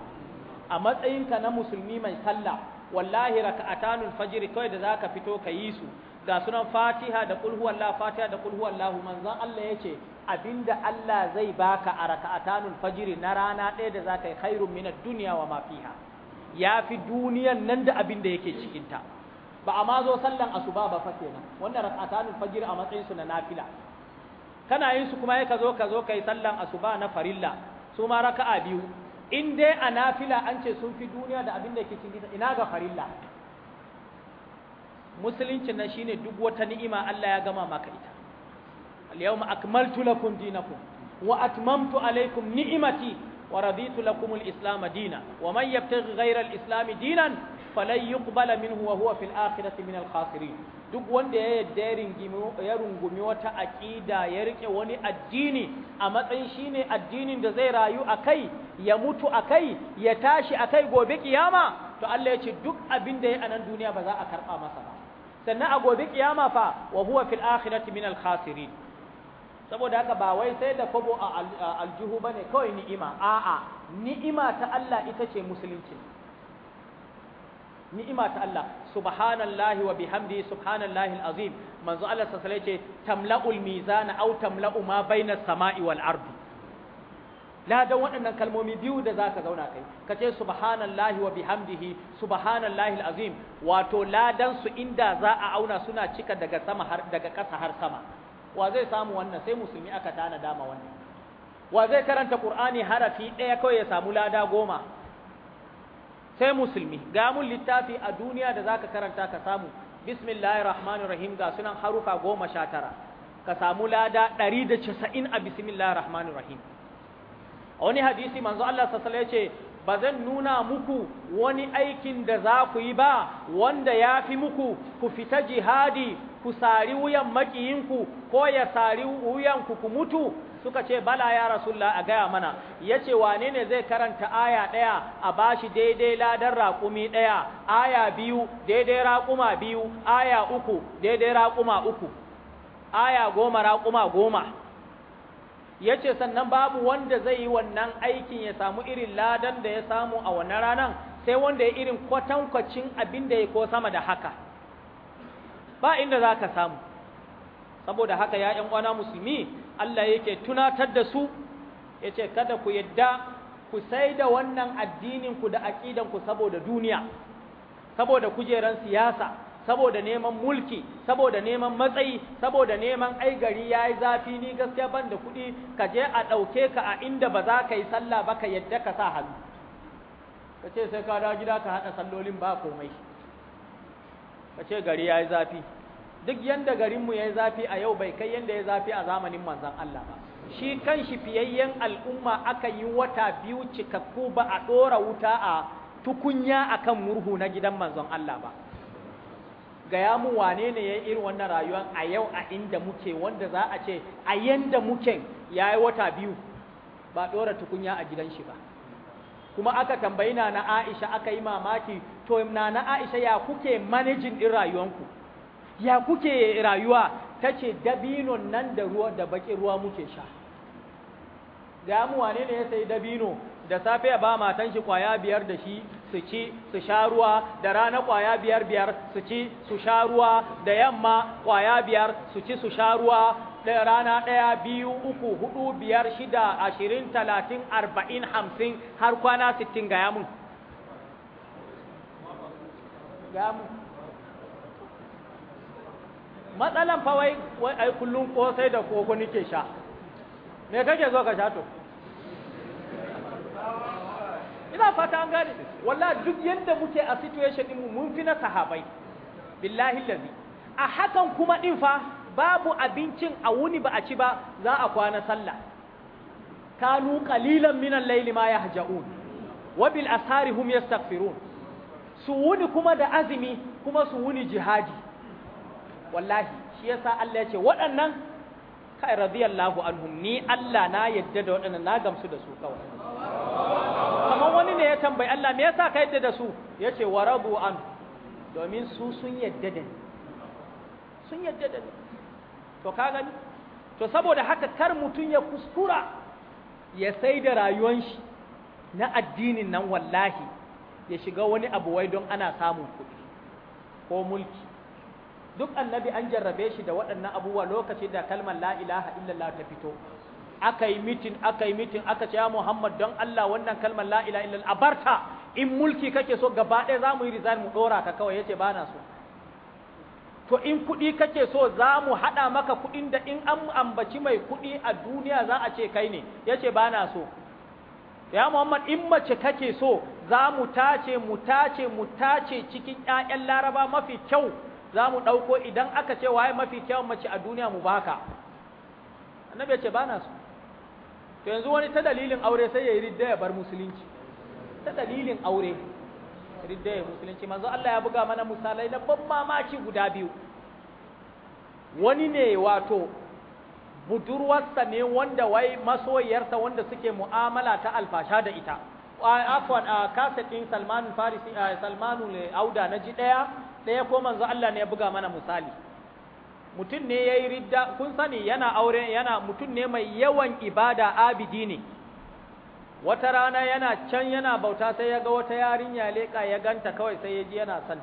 a matsayinka na musulmi mai sallah wallahi raka'atanul fajr kai da zaka fito ka su ga sunan Fatiha da qul huwallahu Fatiha da qul huwallahu manzon Allah yace abinda Allah zai baka a raka'atanul fajr na rana ɗaya da zaka yi khairun minad dunya wa ma fiha yafi duniyan nan da abinda yake cikin ta ba a ma zo sallan asuba ba fa kenan wannan raka'atanul fajr a matsayin su na nafila kana yin su kuma ya ka zo ka zo kai sallan asuba na farilla su ma raka'a biyu in dai a nafila an ce sun fi duniya da abin da ke cikin ina ga farilla musulunci nan shine duk wata ni'ima Allah ya gama maka ita al-yawma akmaltu lakum dinakum wa atmamtu alaykum ni'imati wa raditu lakum al-islam dinan wa man yabtaghi ghayra al-islam dinan falan yuqbala minhu wa huwa fil akhirati min al khasirin duk wanda ya yadda ya rungumi wata aqida ya rike wani addini a matsayin shine addinin da zai rayu akai ya mutu akai ya tashi akai gobe kiyama to Allah ya ce duk abin da ya anan duniya ba za a karba masa ba sannan a gobe kiyama fa wa huwa fil akhirati min al khasirin saboda haka ba wai sai da kobo a aljuhu bane kawai ni'ima a'a ni'ima ta Allah ita ce musulunci ni'ima ta Allah subhanallahi wa bihamdi subhanallahi alazim manzo Allah sallallahu alaihi ce tamla'ul mizana aw tamla'u ma baina samai wal ardi ladan waɗannan kalmomi biyu da zaka zauna kai ka ce subhanallahi wa bihamdihi subhanallahi alazim wato ladan su inda za a auna suna cika daga sama har daga ƙasa har sama wa zai samu wannan sai musulmi aka tana dama wannan wa zai karanta qur'ani harafi ɗaya kawai ya samu lada goma sai musulmi ga mun littafi a duniya da zaka karanta ka samu bismillahir rahmanir rahim ga sunan harufa goma sha tara ka samu lada 190 a bismillahir rahmanir rahim a wani hadisi manzo Allah sallallahu alaihi wasallam yace ba zan nuna muku wani aikin da za ku yi ba wanda ya fi muku ku fita jihadi ku sari wuyan makiyinku ko ya sari wuyanku ku mutu suka ce bala ya rasulullah a gaya mana yace wane ne zai karanta aya ɗaya a bashi daidai ladan raƙumi ɗaya aya biyu daidai raƙuma biyu aya uku daidai raƙuma uku aya goma raƙuma goma yace sannan babu wanda zai yi wannan aikin ya samu irin ladan da ya samu a wannan ranan sai wanda ya irin kwatankwacin abin da ya ko sama da haka ba inda za ka samu saboda haka ya ƴan kwana musulmi Allah yake tunatar da su yace kada ku yadda ku sai da wannan addinin ku da aqidan ku saboda duniya saboda kujeran siyasa saboda neman mulki saboda neman matsayi saboda neman ai gari yayi zafi ni gaskiya ban da kuɗi ka je a ɗauke ka a inda ba za ka yi sallah ba ka yadda ka sa hannu ka ce sai ka dawo gida ka haɗa sallolin ba komai kace gari yayi zafi duk yanda garinmu ya yi zafi a yau bai kai yanda ya zafi a zamanin manzon Allah ba shi kan shi fiyayyen al'umma aka yi wata biyu cikakku ba a ɗora wuta a tukunya a kan murhu na gidan manzon Allah ba gaya mu wane ne ya yi irin wannan rayuwar a yau a inda muke wanda za a ce a yanda muke ya yi wata biyu ba ɗora tukunya a gidan shi ba kuma aka tambayi na Aisha aka yi mamaki to na na Aisha ya kuke manajin ɗin rayuwanku ya kuke rayuwa ta ce dabinon nan da ruwa da bakin ruwa muke sha ga mu wane ne ya sayi dabino da safe ya ba matan shi kwaya biyar da shi su ci su sha ruwa da rana kwaya biyar biyar su ci su sha ruwa da yamma kwaya biyar su ci su sha ruwa da rana ɗaya biyu uku hudu biyar shida ashirin talatin arba'in hamsin har kwana sittin ga yamun matsalan fa wai ai kullun kosai da koko nake sha me kake zo ka sha to ina fata an gane wallahi duk yanda muke a situation din mu mun fi na sahabai billahi allazi a hakan kuma din fa babu abincin a wuni ba a ci ba za a kwana sallah kanu qalilan min al-layli ma yahja'un wa bil asharihum yastaghfirun su wuni kuma da azumi kuma su wuni jihadi wallahi shi yasa Allah ya ce waɗannan kai radiyallahu anhum ni Allah na yadda da waɗannan na gamsu da su kawai kamar wani ne ya tambayi Allah me yasa ka yadda da su yace wa rabu an domin su sun yadda da ni sun yadda da ni to ka gani to saboda haka kar mutum ya kuskura ya sai da rayuwar shi na addinin nan wallahi ya shiga wani abu wai don ana samun kuɗi ko mulki duk annabi an jarrabe shi da waɗannan abubuwa lokacin da kalmar la ilaha illallah ta fito aka yi mitin aka yi mitin aka ce ya Muhammad don Allah wannan kalmar la ilaha illallah a barta in mulki kake so gaba ɗaya za mu yi resign mu ɗora ka kawai yace ba na so to in kuɗi kake so za mu haɗa maka kuɗin da in an ambaci mai kuɗi a duniya za a ce kai ne yace ba na so ya Muhammad in mace kake so za mu tace mu tace mu tace cikin ƴaƴan Laraba mafi kyau za mu ɗauko idan aka ce waye mafi kyawun mace a duniya mu baka annabi ya ce ba na so to yanzu wani ta dalilin aure sai ya yi ridda ya bar musulunci ta dalilin aure ridda ya musulunci manzo Allah ya buga mana misalai na ban mamaki guda biyu wani ne wato budurwarsa ne wanda wai masoyiyarsa wanda suke mu'amala ta alfasha da ita afwan a kasatin salmanu farisi salmanul auda na ji daya ɗaya ko manzo Allah ne ya buga mana misali mutum ne ya yi ridda kun sani yana aure yana mutum ne mai yawan ibada abidi ne wata rana yana can yana bauta sai ya ga wata yarinya leƙa ya ganta kawai sai ya ji yana ta.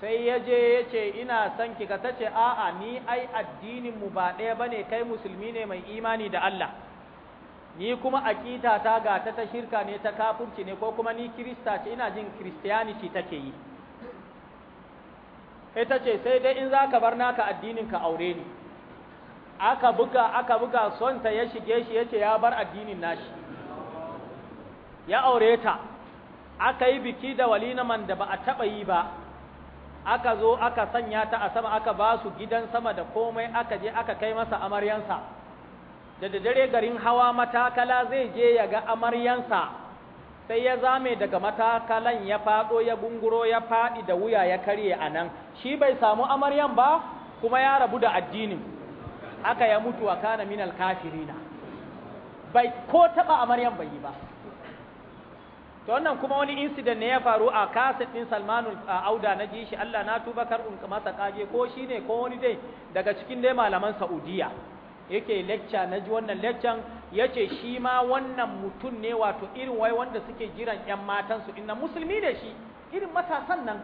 sai ya je ya ce ina son ki ka tace a'a ni ai addinin mu ba ɗaya bane kai musulmi ne mai imani da Allah ni kuma akita ta ga ta ta shirka ne ta kafurci ne ko kuma ni kirista ce ina jin christianity take yi ita ce sai dai in za ka bar naka addinin ka aure ni aka buga aka buga sonta ya shige shi ya ya bar addinin nashi ya aure ta aka yi biki da walinaman da ba a taɓa yi ba aka zo aka sanya ta a sama aka ba su gidan sama da komai aka je aka kai masa amaryansa da dare garin hawa matakala zai je ya ga amaryansa sai ya zame daga matakalan ya faɗo ya gunguro ya faɗi da wuya ya karye a nan shi bai samu amaryan ba kuma ya rabu da addinin aka ya mutu a kana minal kafirina bai ko taɓa amaryan bai yi ba to wannan kuma wani incident ne ya faru a kaset ɗin Salmanul Auda na ji shi Allah na tuba kar masa kage ko shi ne ko wani dai daga cikin dai malaman Saudiyya. yake lecture na ji wannan lecture yace ce shi ma wannan mutum ne wato irin wai wanda suke jiran ‘yan matansu inna musulmi ne shi irin matasan nan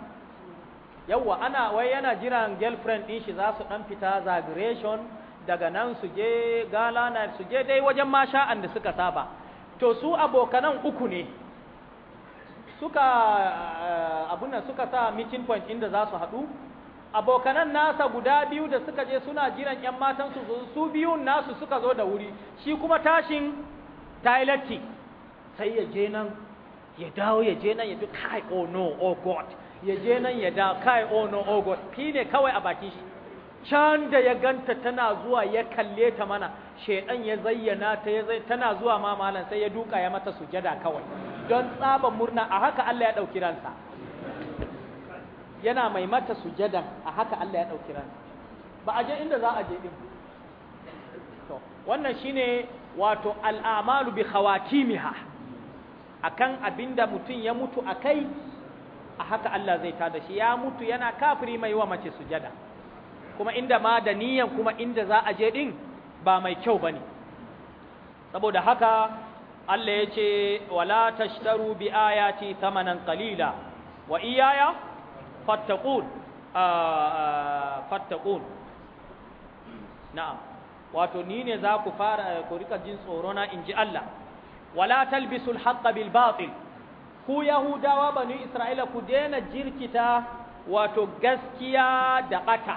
yawa ana wai yana jiran girlfriend din shi za su dan fita zagration daga nan su je gala na su je dai wajen masha anda suka saba to su abokanan uku ne suka eh, abun suka sa meeting point inda za su haɗu abokanan nasa guda biyu da suka je suna jiran ‘yan matansu su biyun nasu suka zo da wuri shi kuma tashin tailati sai ya je nan ya dawo ya je nan ya bi kai oh no oh god ya je nan ya dawo kai oh no oh god fi ne kawai a baki shi can da ya ganta tana zuwa ya kalle ta mana shaidan ya zayyana ta ya zai tana zuwa ma malam sai ya duka ya mata sujada kawai don tsaba murna a haka Allah ya dauki ransa yana mai mata sujada, a haka Allah ya ɗauki ba a je inda za a je ɗin to wannan shine wato al'amalu bi khawatimiha akan abinda mutum ya mutu akai a haka Allah zai tada shi ya mutu yana kafiri mai wa mace sujada kuma inda ma da niyan kuma inda za a je din ba mai kyau ba ne. saboda haka Allah ya ce wala tashtaru bi ayati thamanan qalila wa iyaya fattaqun fattaqun na'am wato ni ne za ku fara ku rika jin tsoro na inji Allah wala talbisul haqqa bil ku yahudawa banu isra'ila ku daina jirkita wato gaskiya da bata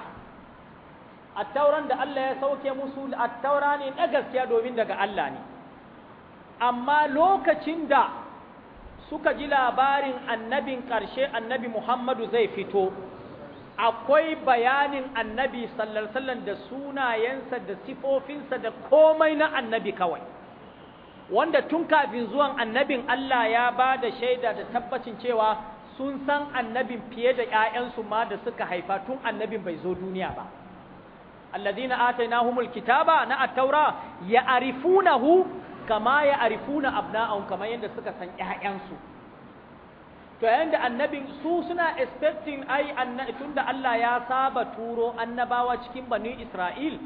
attauran da Allah ya sauke musu attaura ne na gaskiya domin daga Allah ne amma lokacin da suka ji labarin annabin ƙarshe annabi Muhammadu zai fito akwai bayanin annabi sallar-sallar da sunayensa da sifofinsa da komai na annabi kawai wanda tun kafin zuwan annabin Allah ya ba da shaida da tabbacin cewa sun san annabin fiye da ‘ya'yansu ma da suka haifa tun annabin bai zo duniya ba na atainahumul kitaba na attaura ya arifunahu kama ya arifuna abna'un kamar yadda suka san ƴaƴansu to yanda annabi su suna expecting ai tunda Allah ya saba turo annabawa cikin banu Isra'il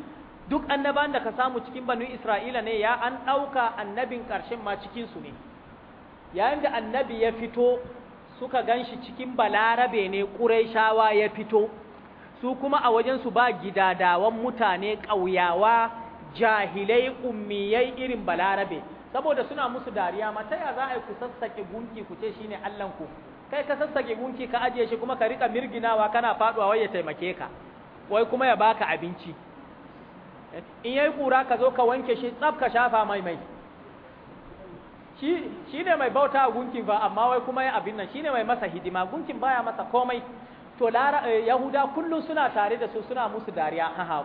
duk annaban da ka samu cikin banu Isra'ila ne ya an ɗauka annabin ƙarshen ma cikin su ne yayin da annabi ya fito suka ganshi cikin balarabe ne ƙuraishawa ya fito su kuma a wajen su ba gidadawan mutane ƙauyawa jahilai ummiyai irin balarabe saboda suna musu dariya ma ta yaya za a yi ku sassake gunki ku ce shine ne ku kai ka sassake gunki ka ajiye shi kuma ka rika mirginawa kana faduwa wai ya taimake ka wai kuma ya baka abinci in yayi kura ka zo ka wanke shi tsaf ka shafa mai mai shi shine mai bauta a gunkin ba amma wai kuma ya abin nan shine mai masa hidima gunkin baya masa komai to eh, yahuda kullum suna tare da su suna musu dariya ha ha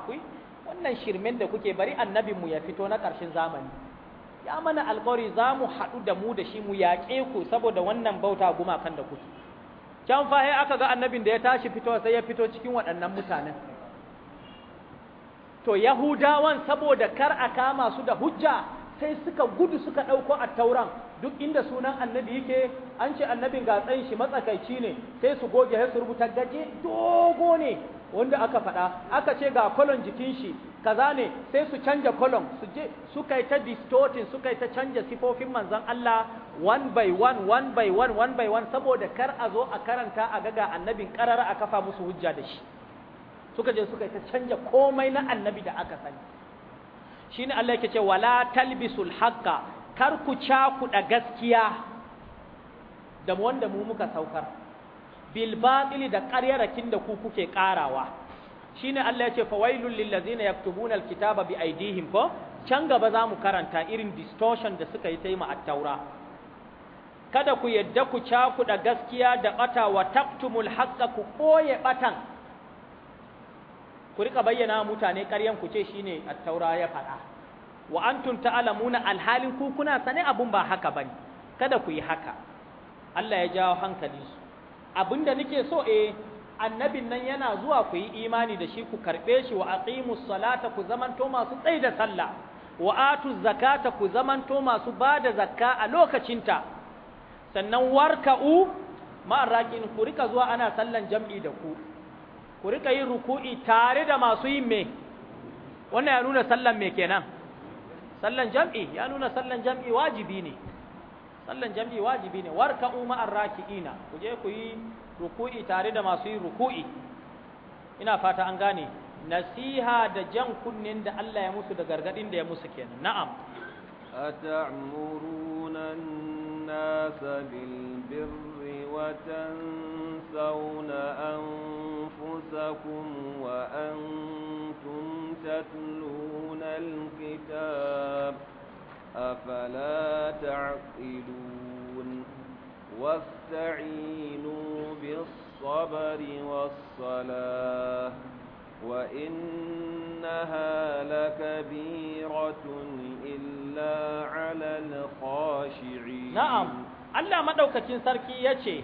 wannan shirmen da kuke bari annabinmu ya fito na ƙarshen zamani ya mana alƙawari za mu haɗu da mu da shi mu yaƙe ku saboda wannan bauta gumakan da kuke can fahe aka ga annabin da ya tashi fito sai ya fito cikin waɗannan mutanen to yahudawan saboda kar a kama su da hujja sai suka gudu suka ɗauko a tauran duk inda sunan annabi yake an ce annabin ga tsayin shi matsakaici ne sai su goge sai su rubuta gaje dogo ne wanda aka faɗa aka ce ga kolon jikin shi kaza ne sai su canja kolon su je suka yi ta distorting suka yi ta canja sifofin manzon Allah one by one one by one one by one saboda kar a zo a karanta a gaga annabin karara a kafa musu hujja da shi suka je suka yi ta canja komai na annabi da aka sani shine Allah yake ce wala talbisul haqqa kar ku cakuɗa gaskiya da wanda mu muka saukar bil batili da ƙaryarakin da ku kuke ƙarawa Shi ne Allah ya ce fawailun lil na yaktubuna kitaba bi aidihim ko can gaba za mu karanta irin distortion da suka yi ta yi ma kada ku yadda ku caku da gaskiya da ɓata wa taktumul haƙƙa ku ɓoye ɓatan ku rika bayyana mutane ƙaryan ku ce a attaura ya faɗa wa an antum ta'lamuna alhalin ku kuna sane abun ba haka bane kada ku yi haka Allah ya jawo hankalinsu Abin da nake so eh annabin nan yana zuwa ku yi imani da shi ku karɓe shi wa aqimus salata ku zamanto masu tsai da sallah wa atu zakata ku zamanto masu bada da zakka a lokacinta sannan warka'u ma'arraƙin ku rika zuwa ana sallan jam'i da ku ku rika yin ruku'i tare da masu yin me wannan ya nuna sallan me kenan sallan jam'i ya nuna sallan jam'i wajibi ne sallan jam'i wajibi ne warka ma'ar raki'ina ku je ku yi ruku'i tare da masu yi ruku'i ina fata an gane nasiha da jan kunnen da Allah ya musu da gargadin da ya musu kenan na'am ata'muruna an-nasa bil birri wa tansawna anfusakum أفلا تعقلون واستعينوا بالصبر والصلاة وإنها لكبيرة إلا على الخاشعين نعم ألا مدوكة سركي يتي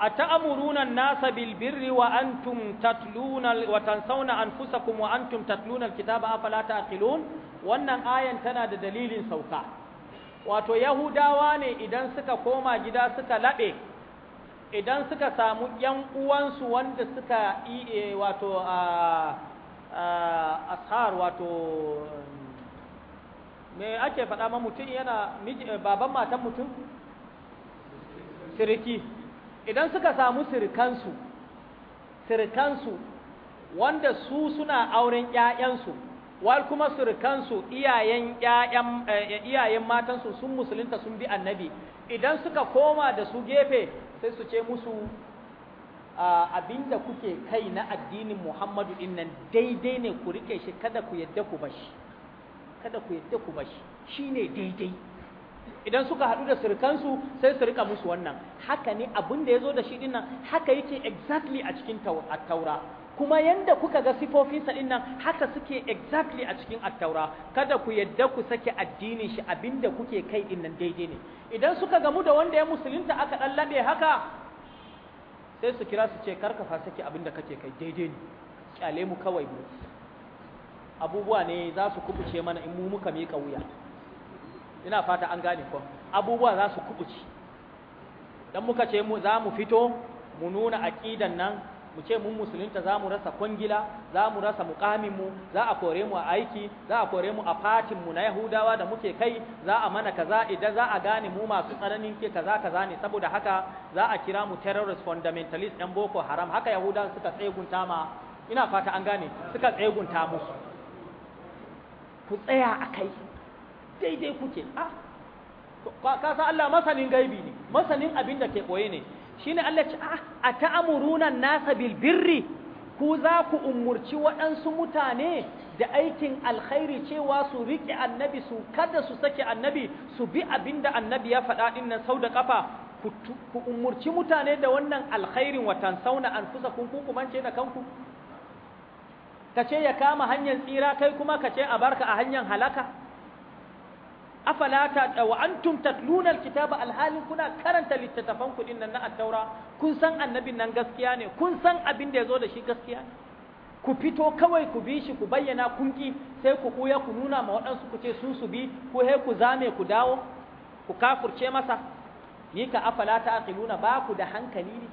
أتأمرون الناس بالبر وأنتم تتلون وتنسون أنفسكم وأنتم تتلون الكتاب أفلا تعقلون wannan ayan tana da dalilin sauka wato yahudawa ne idan suka koma gida suka laɓe idan suka samu ‘yan uwansu wanda suka iye wato a ashar wato me ake faɗa ma mutum yana eh, baban matan mutum siriki idan suka samu sirikansu sirikansu wanda su suna auren ‘ya'yansu wal kuma surukansu iyayen eh, iyayen matansu sun musulunta sun bi annabi idan suka koma da su gefe sai su ce musu abinda kuke kai na addinin Muhammadu dinnan daidai ne ku rike shi kada ku yadda ku bashi kada ku yadda ku bashi shine daidai idan suka haɗu da surukansu sai su rika musu wannan haka ne abinda yazo da shi dinnan haka yake exactly a cikin taura kuma yanda kuka ga sifofinsa din nan haka suke exactly a cikin attaura kada ku yadda ku sake addinin shi abinda kuke kai din nan daidai ne idan suka gamu da wanda ya musulunta aka dan labe haka sai su kira su ce karka fa sake abinda kake kai daidai ne kyale mu kawai mu abubuwa ne za su kubuce mana in mu muka miƙa wuya ina fata an gane ko abubuwa za su kubuce dan muka ce mu za mu fito mu nuna aqidan nan mu ce mun musulunta za mu rasa kwangila za mu rasa mukaminmu za a kore mu a aiki za a kore mu a fatinmu na yahudawa da muke kai za a mana kaza idan za a gane mu masu tsananin ke kaza kaza ne saboda haka za a kira mu terrorist fundamentalist ɗan boko haram haka yahudawa suka tsegunta ma ina fata an gane suka tsegunta musu ku tsaya a kai daidai kuke ah ka san Allah masanin gaibi ne masanin abin da ke koye ne shine Allah ce a ta'amuruna nasa bil ku za ku umurci waɗansu mutane da aikin alkhairi cewa su riƙe annabi su kada su sake annabi su bi abinda annabi ya faɗa ɗin sau da ƙafa ku umurci mutane da wannan alkhairin watan sauna an fusa kun da kanku ka ce ya kama hanyar tsira kai kuma ka ce a barka a hanyar halaka Afalata ta wa antum tatluna alkitaba alhalin kuna karanta littattafan ku dinnan na at kun san annabin nan gaskiya ne kun san abin da ya zo da shi gaskiya ne ku fito kawai ku bi shi ku bayyana kun ki sai ku kuya ku nuna ma waɗansu ku ce sun su bi ku he ku zame ku dawo ku kafurce masa ni ka afala ta aqiluna ba ku da hankali ne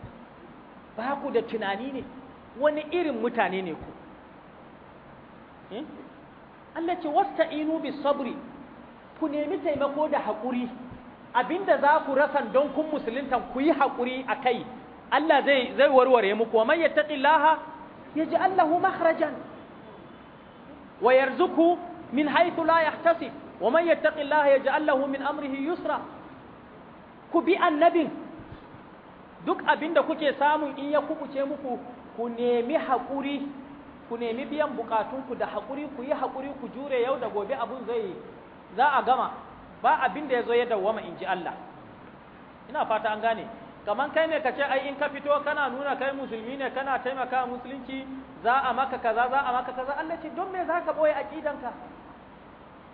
ba ku da tunani ne wani irin mutane ne ku eh? Allah ce wasta'inu bis sabri ku nemi taimako da haƙuri abinda za ku rasa don kun musulunta ku yi haƙuri a kai Allah zai zai warware muku wa man yattaqillaha yaj'al lahu makhrajan wa yarzuqhu min haythu la yahtasib wa man yattaqillaha yaj'al lahu min amrihi yusra ku bi annabin duk abinda kuke samun in ya kubuce muku ku nemi haƙuri ku nemi biyan bukatunku da haƙuri ku yi haƙuri ku jure yau da gobe abun zai za a gama ba abin da ya zo ya dawwama in ji Allah ina fata an gane Kamar kai ne ka ce ai in ka fito kana nuna kai musulmi ne kana taimaka musulunci za a maka kaza za a maka kaza Allah ce don me za ka boye aqidanka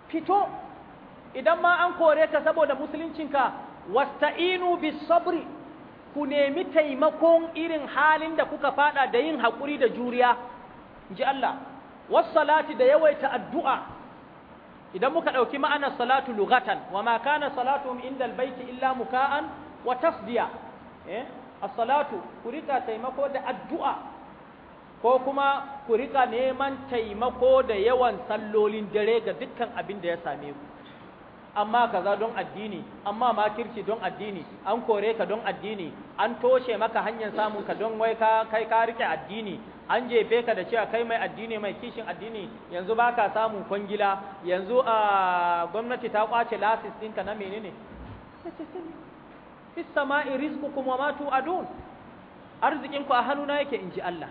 fito idan ma an kore ka saboda musuluncinka wasta'inu bis sabri ku nemi taimakon irin halin da kuka fada da yin hakuri da juriya ji Allah salati da yawaita addu'a idan muka ɗauki ma'anar salatu lugatan wa ma kana salatuhum inda albayti illa muka'an wa tasdiya eh as-salatu ku rika taimako da addu'a ko kuma ku rika neman taimako da yawan sallolin dare ga dukkan abin da ya same ku amma kaza don addini amma makirci don addini an kore ka don addini an toshe maka hanyar samun ka don wai ka kai ka rike addini an jefe ka da cewa kai mai addini mai kishin addini yanzu ka samun kwangila yanzu a gwamnati ta kwace lasis ɗinka na menene fis in risku kuma ma tu'adun arzikin ku a hannuna yake ji Allah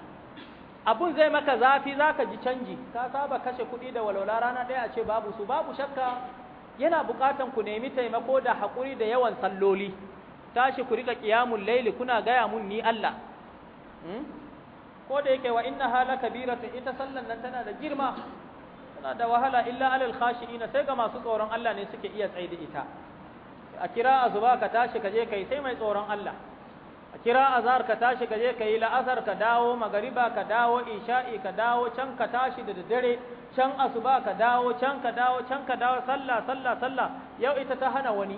abun zai maka zafi zaka ji canji ka saba kashe kuɗi da walwala rana ɗaya a ce babu su babu shakka yana bukatan ku nemi taimako da haƙuri da yawan salloli tashi ku rika qiyamul layli kuna gaya mun ni Allah hmm? ko da yake wa inna hala kabiratun ita sallan nan tana da girma tana da wahala illa alal khashiina sai ga masu tsoron Allah ne suke iya tsaye ita a kira azuba ka tashi ka je kai sai mai tsoron Allah a kira azhar ka tashi ka je kai la'asar ka dawo magariba ka dawo isha'i ka dawo can ka tashi da dare can asuba ka dawo can ka dawo can ka dawo sallah sallah sallah yau ita ta hana wani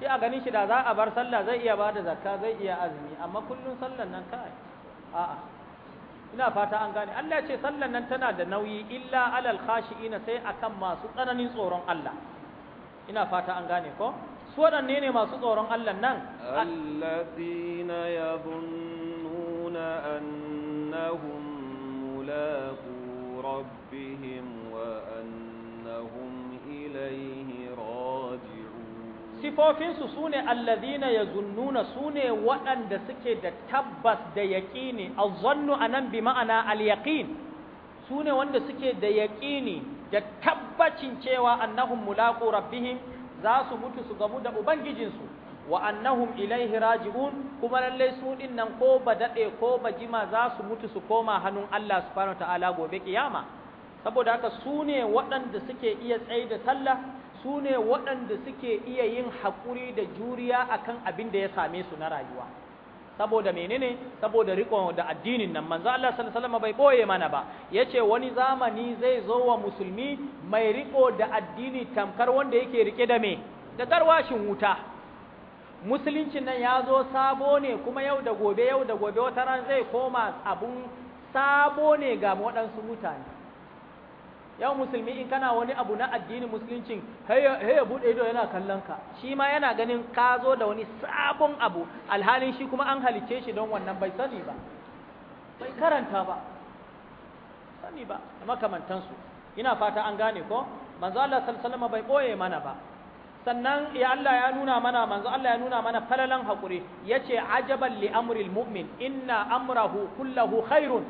shi a ganin shi da za a bar sallah zai iya bada zakka zai iya azumi amma kullun sallan nan kai a'a ina fata an gane Allah ya ce sallan nan tana da nauyi illa alal khashi'ina sai akan masu tsananin tsoron Allah ina fata an gane ko su waɗanne ne masu tsoron Allah nan alladhina yabunnuna annahum mulaqu ربهم وأنهم إليه راجعون صفاتين سوني الذين يظنون سوني وأن دسكي دتبس ديكيني الظن أنم بمعنى اليقين سوني وأن دسكي ديكيني دتبتين شوى أنهم ملاقو ربهم za su mutu su gamu da Ubangijinsu wa annahum ilaihi raji'un kuma lalle su din nan ko ba dade ko ba jima za su mutu su koma hannun Allah subhanahu ta'ala gobe kiyama saboda haka su ne waɗanda suke iya tsaye da sallah su ne waɗanda suke iya yin haƙuri da juriya akan abin da ya same su na rayuwa saboda menene saboda riko da addinin nan manzo Allah sallallahu alaihi wasallam bai boye mana ba yace wani zamani zai zo wa musulmi mai riƙo da addini tamkar wanda yake rike da me da garwashin wuta musuluncin nan ya zo sabo ne kuma yau da gobe yau da gobe wata ran zai koma abun sabo ne ga waɗansu mutane yau musulmi in kana wani abu na addinin musuluncin hey ya buɗe ido yana kallon ka shi ma yana ganin ka zo da wani sabon abu alhalin shi kuma an halice shi don wannan bai sani ba bai karanta ba sani ba makamantansu ina fata an gane ko manzo Allah sallallahu alaihi wasallam bai boye mana ba sannan ya Allah ya nuna mana manzo Allah ya nuna mana falalan hakuri yace ajaban li amril mu'min inna amrahu kullahu khairun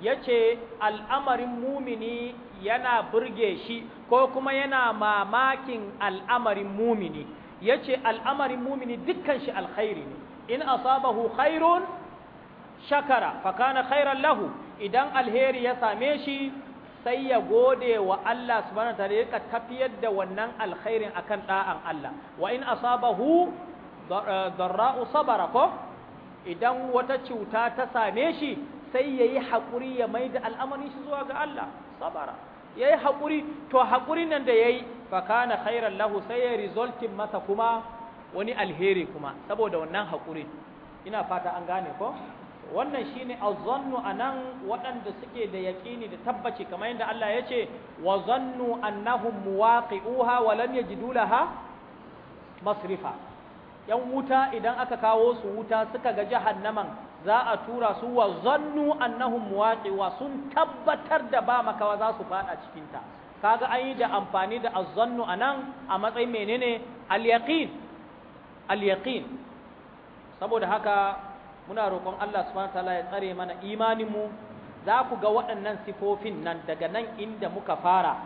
yace al'amarin mumini yana burge shi ko kuma yana mamakin al'amarin mumini yace al'amarin mumini dukkan shi alkhairi ne in asabahu khairun shakara fakana kana khairan lahu idan alheri ya same shi sai ya gode wa Allah subhanahu wataala ya tafiyar da wannan alkhairin akan da'an Allah wa in asabahu eh, darra'u sabara ko idan wata cuta ta same shi sai yayi hakuri ya maida al'amarin shi zuwa ga Allah sabara yayi hakuri to hakurin nan da yayi fa kana khairan lahu sai ya resultin masa kuma wani alheri kuma saboda wannan hakuri ina fata an gane ko wannan shine a anan waɗanda suke da yaƙini da tabbaci kamar yadda Allah ya ce wa zannu annahum muwaqi'uha wa lam yajidu laha masrifa yan wuta idan aka kawo su wuta suka ga jahannaman za a tura su wa zannu annahum muwaqi'uha sun tabbatar da ba makawa za su fada cikin ta kaga an yi da amfani da a anan a matsayin menene al-yaqin al-yaqin saboda haka muna roƙon Allah subhanahu wataala ya tsare mana imaninmu za ku ga waɗannan sifofin nan daga nan inda muka fara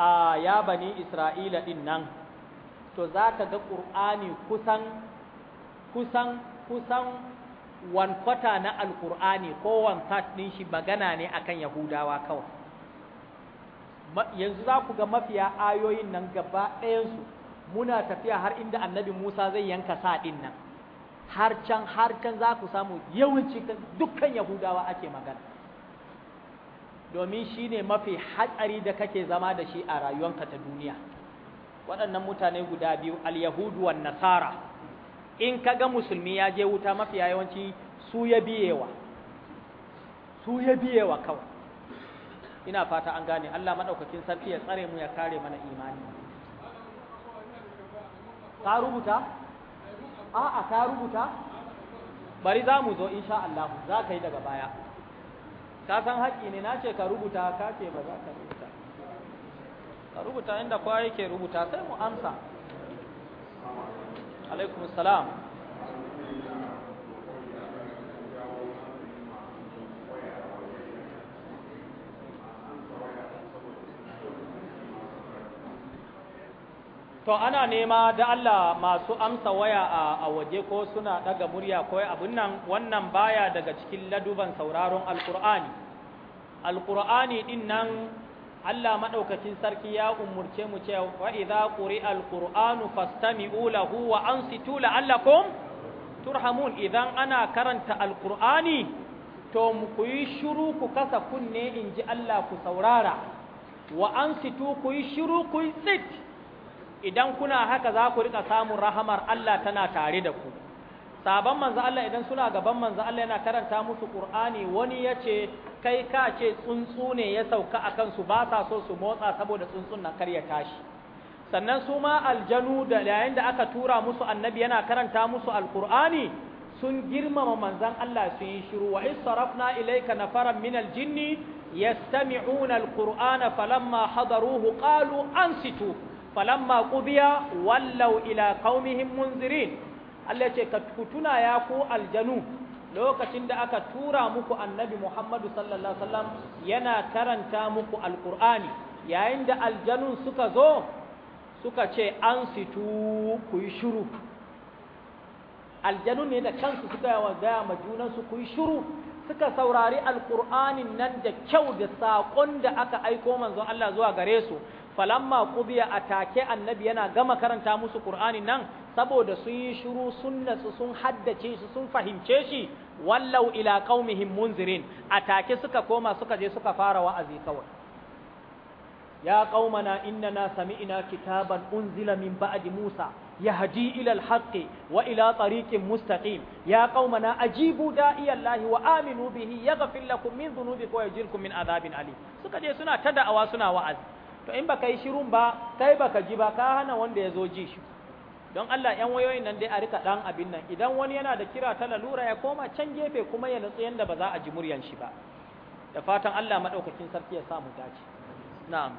a ya bani Isra'ila ɗin nan to za ka ga ƙur'ani kusan kusan kusan wankwata na alkur'ani ko wankat ɗin shi magana ne akan yahudawa kawai yanzu za ku ga mafiya ayoyin nan gaba ɗayansu muna tafiya har inda annabi Musa zai yanka sa ɗin nan har can har can za ku samu yawanci dukkan yahudawa ake magana domin shi ne mafi hatsari da kake zama da shi a rayuwanka ta duniya waɗannan mutane guda biyu al-yahudu wa nasara in ka ga musulmi ya je wuta mafi yawanci su ya biyewa su ya biyewa kawai ina fata an gane Allah maɗaukakin sarki ya tsare mu ya kare mana imani ka rubuta a'a ka rubuta bari za mu zo insha Allah za ka yi daga baya ka san haƙƙi ne na ce ka rubuta ka ce ba za ka rubuta ka rubuta inda kowa yake rubuta sai mu amsa alaikum salam to ana nema da Allah masu amsa waya a waje ko suna daga murya ko abin nan wannan baya daga cikin laduban sauraron alkur'ani alkur'ani din nan Allah madaukakin sarki ya umurce mu cewa wa idza quri'a alqur'anu fastami'u lahu wa ansitu la'allakum turhamun idan ana karanta alkur'ani to mu kuyi shiru ku kasa kunne inji Allah ku saurara wa ansitu kuyi shiru kuyi tsit idan kuna haka za ku rika samun rahamar Allah tana tare da ku sabon manzo Allah idan suna gaban manzo Allah yana karanta musu Qur'ani wani yace kai ka ce tsuntsu ne ya sauka akan su ba sa so su motsa saboda tsuntsun na karya tashi sannan su ma aljanu da yayin da aka tura musu annabi yana karanta musu alqur'ani sun girmama manzon Allah sun yi shiru wa israfna ilayka nafaran min aljinni yastami'una alqur'ana falamma hadaruhu qalu ansitu falamma qudiya wallau ila qaumihim munzirin Allah ce ka tuna ya aljanu lokacin da aka tura muku annabi Muhammadu sallallahu alaihi wasallam yana karanta muku alqur'ani yayin da aljanun suka zo suka ce an situ ku yi shiru aljanun ne da kansu suka yawa gaya ma junansu ku yi shiru suka saurari alqur'anin nan da kyau da saƙon da aka aiko manzon Allah zuwa gare su falamma qubiya atake annabi yana gama karanta musu qur'anin nan saboda sun yi shiru sun natsu sun haddace shi sun fahimce shi wallau ila qaumihim munzirin atake suka koma suka je suka fara wa'azi kawai ya qaumana sami sami'na kitaban unzila min ba'di musa يهدي إلى الحق وإلى طريق مستقيم يا قومنا أجيبوا داعي الله وآمنوا به يغفر لكم من ذنوبكم ويجيركم من عذاب أليم سكا دي سنة تدعوا suna wa'azi. to in baka yi shirun ba kai baka ji ba ka hana wanda ya zo ji shi don Allah yan wayoyin nan dai a rika dan abin nan idan wani yana da kira ta lalura ya koma can gefe kuma ya nutsu yanda ba za a ji muryan shi ba da fatan Allah madaukakin sarki ya samu dace na'am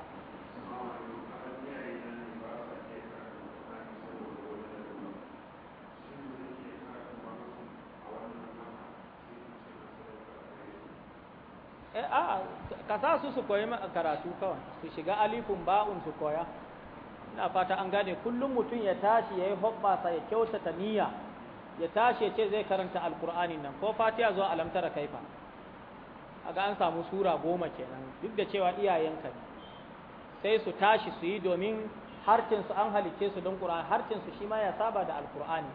eh, a'a ka sa su su koyi karatu kawai su shiga alifun ba'un su koya ina fata an gane kullum mutum ya tashi ya yi hoɓɓasa ya kyautata niyya ya tashi ya ce zai karanta alkur'ani nan ko fatiya zuwa alamtara kaifa A ga an samu sura goma kenan duk da cewa iyayenka ne sai su tashi su yi domin harcin su an halicce su don qur'ani harcin su shi ma ya saba da alkur'ani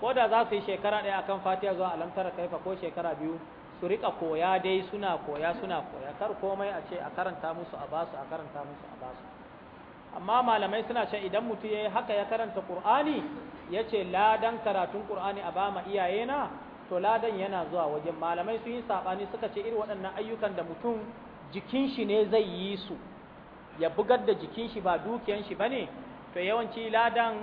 ko da za su yi shekara ɗaya akan fatiya zuwa alamtara kaifa ko shekara biyu su rika koya dai suna koya suna koya kar komai a ce a karanta musu a basu a karanta musu a basu amma malamai suna ce idan mutum yi haka ya karanta Qur'ani yace ladan karatun Qur'ani a ba bama na to ladan yana zuwa wajen malamai sun yi sabani suka ce irin waɗannan ayyukan da mutum jikin shi ne zai yi su ya bugar da jikin shi ba dukiyan shi bane to yawanci ladan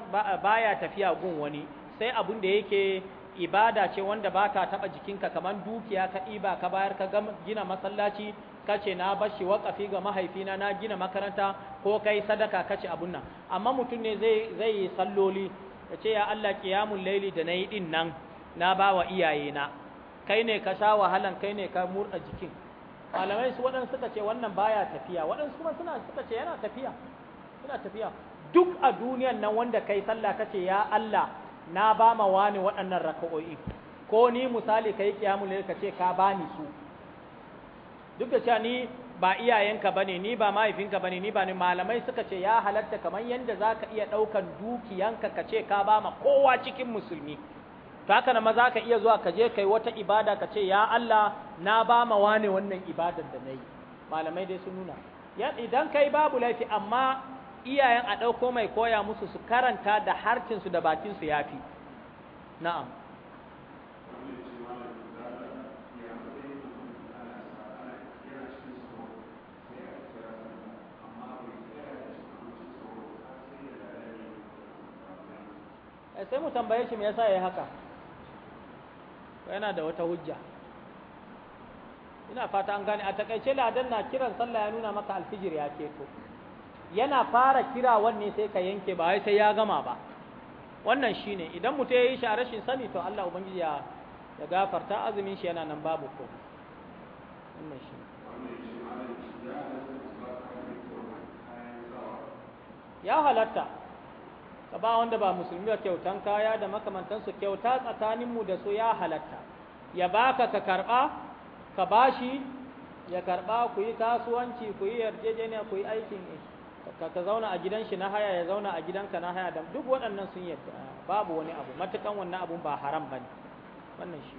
baya tafiya gun wani sai abun da yake ibada ce wanda ba ka taɓa jikinka kamar dukiya ka ɗiba ka bayar ka gina masallaci ka ce na bashi waƙafi ga mahaifina na gina makaranta ko kai sadaka ka ce abun nan amma mutum ne zai yi salloli ya ce ya Allah ƙiyamun laili da na yi ɗin nan na ba wa iyayena kai ne ka sha wahalan kai ne ka murɗa jikin malamai su waɗansu suka ce wannan baya tafiya waɗansu kuma suna suka ce yana tafiya suna tafiya duk a duniyan nan wanda kai sallah kace ya Allah na ba ma wani waɗannan raka'o'i ko ni misali kai kiyamul layl ka ce ka bani su duk da cewa ni ba iyayenka bane ni ba mahaifinka bane ni ba ni malamai suka ce ya halatta kamar yanda zaka iya ɗaukan dukiyanka ka ce ka ba ma kowa cikin musulmi to haka nan maza ka iya zuwa ka je kai wata ibada ka ce ya Allah na ba ma wane wannan ibadar da nayi malamai dai sun nuna idan kai babu laifi amma iyayen a ɗauko mai koya musu su karanta da harcinsu da bakinsu ya fi na'am eh, sai mu tambaye shi me yasa ya yi haka yana da wata hujja ina fata an gane a takaice ladan na kiran sallah ya nuna maka alfijir ya keto yana fara kira wanne sai ka yanke ba sai ya gama ba wannan shine idan mutum yi shi a rashin sani to Allah ubangiji ya ya gafarta azumin shi yana nan babu ko wannan shi ya halatta ka ba wanda ba musulmi ba kyautan kaya da makamantansu kyauta tsakanin mu da su ya halatta ya baka ka karba ka bashi ya karba ku yi kasuwanci ku yi yarjejeniya ku yi aikin ka zauna a gidan shi na haya ya zauna a gidanka na haya duk waɗannan sun yadda babu wani abu matukan wannan abun ba haram ba ne wannan shi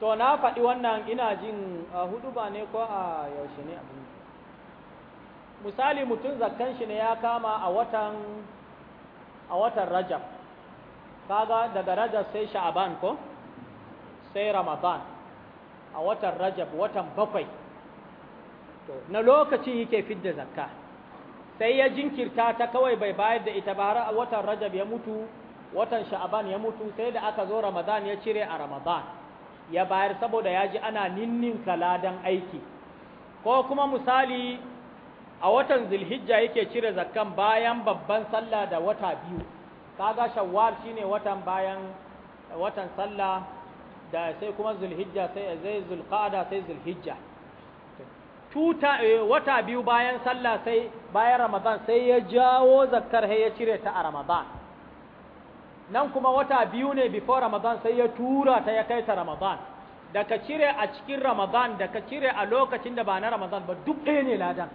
to na faɗi wannan ina jin a hudu ba ne ko a yaushe ne abin misali mutum zakkan shi ne ya kama a watan a watan rajab kaga daga rajab sai sha'aban ko sai ramadan a watan rajab watan bakwai to na lokacin yake fidda zakka sai ya jinkirta ta kawai bai bayar da ita ba a watan rajab ya mutu watan sha'aban ya mutu sai da aka zo ramadan ya cire a ramadan ya bayar saboda ya ji ana ninnin kaladan aiki ko kuma misali a watan zulhijja yake cire zakkan bayan babban sallah da wata biyu kaga shawwal shine watan bayan watan sallah da sai kuma zulhijja sai zai zulqa'ada sai zulhijja tuta eh, wata biyu bayan sallah sai bayan ramadan sai ya jawo zakkar ya cire ta a ramadan nan kuma wata biyu ne before ramadan sai ya tura ta ya kai ta ramadan da ka cire a cikin ramadan da ka cire a lokacin da ba na ramadan ba duk ɗaya ne ladan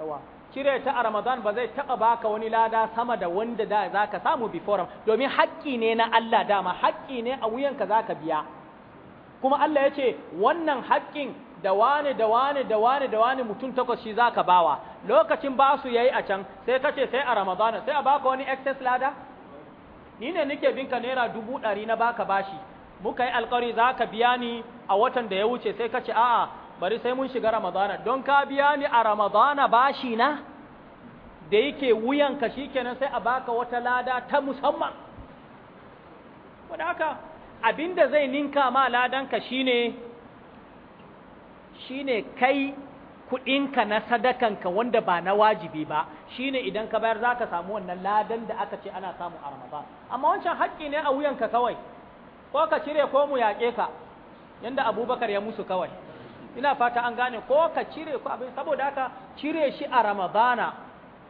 tsawa cire ta a Ramadan ba zai taɓa baka wani lada sama da wanda da za ka samu before domin haƙƙi ne na Allah dama haƙƙi ne a wuyanka za ka biya kuma Allah ya ce wannan haƙƙin da wani da wani da wani da wani mutum takwas shi za ka bawa lokacin ba su yayi a can sai ka ce sai a Ramadan sai a baka wani excess lada ni ne nake binka naira dubu ɗari na baka bashi muka yi alƙawari za ka biya ni a watan da ya wuce sai ka ce a'a bari sai mun shiga ramadana don ka biya ni a ramadana bashi na da yake wuyanka kenan sai a baka wata lada ta musamman wanda haka abinda zai ninka ma ladanka shine shine kai kuɗinka na sadakanka wanda ba na wajibi ba shine idan ka bayar zaka samu wannan ladan da aka ce ana samu a Ramadan amma wancan haƙƙi ne a wuyanka kawai ko ka cire ko mu yaƙe ka yanda Abubakar ya musu kawai ina fata an gane ko ka cire ko abin saboda haka cire shi a ramadana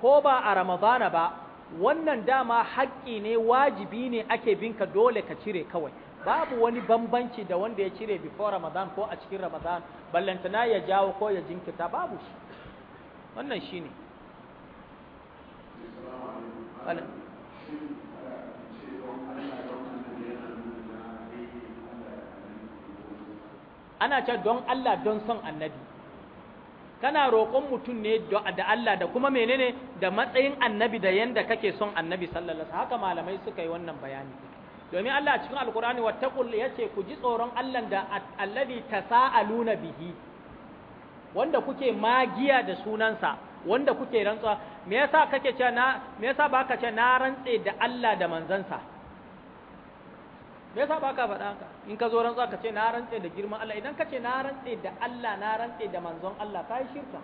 ko ba a ramadana ba wannan dama haƙƙi ne wajibi ne ake binka dole ka cire kawai babu wani bambanci da wanda ya cire before ramadan ko a cikin ramadan ballantana ya jawo ko ya jinkita babu shi wannan shine ana ce don Allah don son annabi kana roƙon mutum ne da Allah da kuma menene da matsayin annabi da yanda kake son annabi sallallahu alaihi haka malamai suka yi wannan bayani domin Allah cikin alkur'ani wattaqul yace ku ji tsoron Allah da allazi tasaaluna bihi wanda kuke magiya da sunansa wanda kuke rantsuwa me yasa kake ce na me yasa baka ce na rantse da Allah da manzansa me yasa baka faɗa haka in ka zo rantsuwa ka ce na rantse da girman Allah idan ka ce na rantse da Allah na rantse da manzon Allah ka yi shirka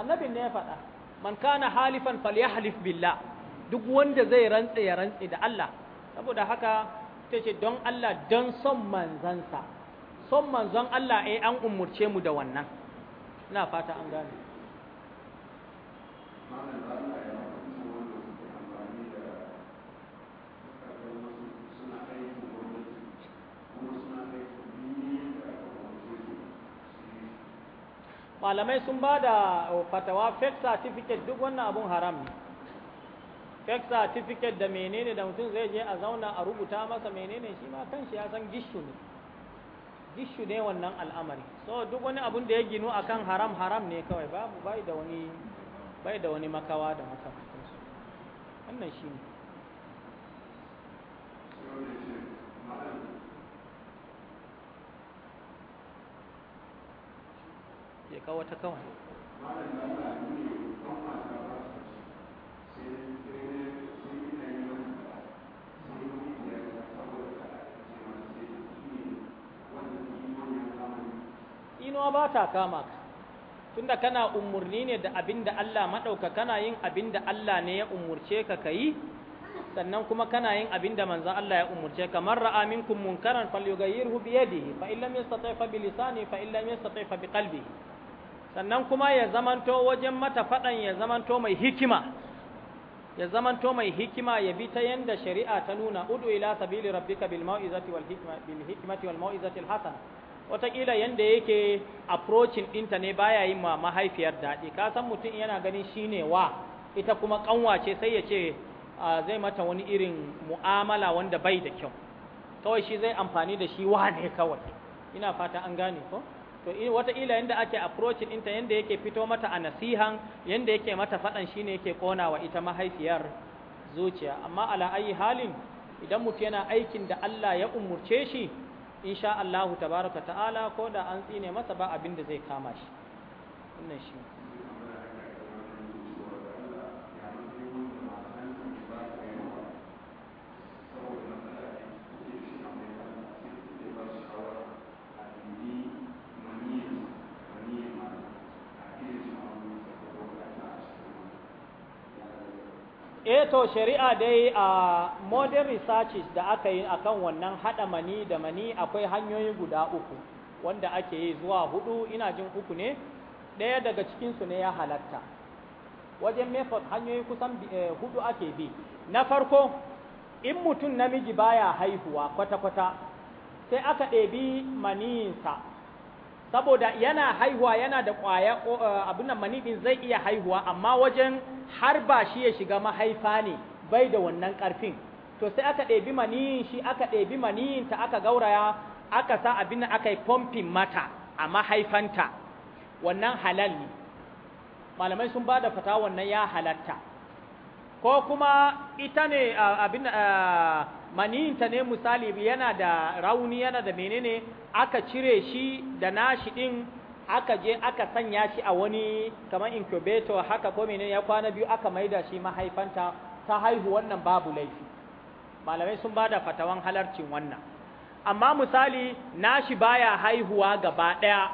annabin ne ya faɗa man kana halifan falyahlif billah duk wanda zai rantse ya rantse da Allah saboda haka ta ce don Allah don son manzansa son manzon Allah eh an umurce mu da wannan ina fata an gane malamai sun ba da oh, fatawa fake certificate duk wannan abun haram ne fake certificate da menene da mutum zai je a zauna a rubuta masa menene shi ma kan shi ya san gishu ne gishu ne wannan al'amari so duk wani abun da ya ginu kan haram haram ne kawai babu bai da wani bai da wani makawa da makamakinsu wannan shi ne je ka kawai inuwa ba ta kama ka tunda kana umarni ne da abin da Allah maɗauka kana yin abin da Allah ne ya umurce ka ka yi sannan kuma kana yin abin da manzon Allah ya umurce ka man ra'a minkum munkaran falyughayyirhu bi yadihi fa illam yastati bi fa illam yastati bi qalbihi sannan kuma ya zamanto wajen mata faɗan ya zamanto mai hikima ya zamanto mai hikima ya bi ta yanda shari'a ta nuna udu ila sabili rabbika bil mau'izati wal hikma bil hikmati wal mau'izati al hasana wataƙila yanda yake approaching ɗinta ne baya yin ma mahaifiyar daɗi ka san mutum yana ganin shine wa ita kuma kanwa ce sai ya ce zai mata wani irin mu'amala wanda bai da kyau kawai shi zai amfani da shi wa ne kawai ina fata an gane ko to wataƙila yadda ake approaching ɗinta yadda yake fito mata a nasihan yadda yake mata faɗan shine yake kona wa ita mahaifiyar zuciya amma ala ayi halin idan mutu yana aikin da Allah ya umurce shi insha Allahu tabaraka ta'ala ko da an tsine masa ba abin da zai kama shi wannan shi to shari'a dai a modern researches da aka yi akan wannan hada mani da mani akwai hanyoyi guda uku wanda ake yi zuwa hudu ina jin uku ne ɗaya daga cikinsu ne ya halatta wajen method hanyoyi kusan eh, hudu ake bi na farko in mutum namiji baya haihuwa kwata-kwata sai aka ɗebi maniyinsa saboda yana haihuwa yana da ƙwaya eh, abin nan manidin zai iya haihuwa amma wajen har ba shi ya shiga mahaifa ne bai da wannan ƙarfin to sai aka ɗebi maniyin shi aka ɗebi maniyin ta aka gauraya aka sa abin nan aka yi pumping mata a mahaifanta wannan halal ne malamai sun ba da fata wannan ya halatta ko kuma ita ne eh, abin eh, maniyinta ne misali yana da rauni yana da menene aka cire shi da nashi din aka je aka sanya shi a wani kamar incubator haka ko menene ya kwana biyu aka maida shi mahaifanta ta haihu wannan babu laifi malamai sun bada fatawan halarcin wannan amma misali nashi baya haihuwa gaba daya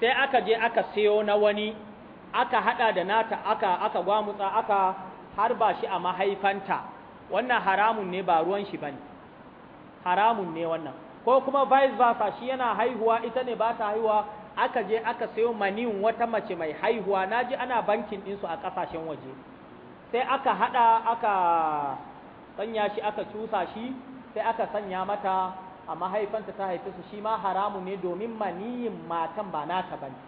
sai aka je aka siyo na wani aka hada da nata aka aka gwamutsa aka harba shi a mahaifanta wannan haramun ne ba ruwan shi bane haramun ne wannan ko kuma vice versa shi yana haihuwa ita ne ba ta haihuwa aka je aka sayo maniyin wata mace mai haihuwa naji ana bankin ɗinsu a ƙasashen waje sai aka haɗa aka sanya shi aka cusa shi sai aka sanya mata a mahaifanta ta haifi su shi ma haramu ne domin maniyin matan ba nata bane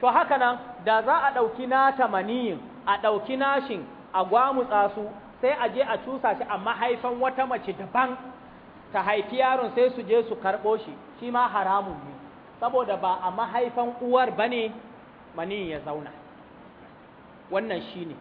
to haka nan da za a ɗauki nata maniyin a ɗauki nashin a gwamutsa su sai a je a cusa shi a mahaifan wata mace daban ta haifi yaron sai su je su karɓo shi shi ma haramun ne saboda ba a mahaifan uwar ba ne mani ya zauna wannan shi ne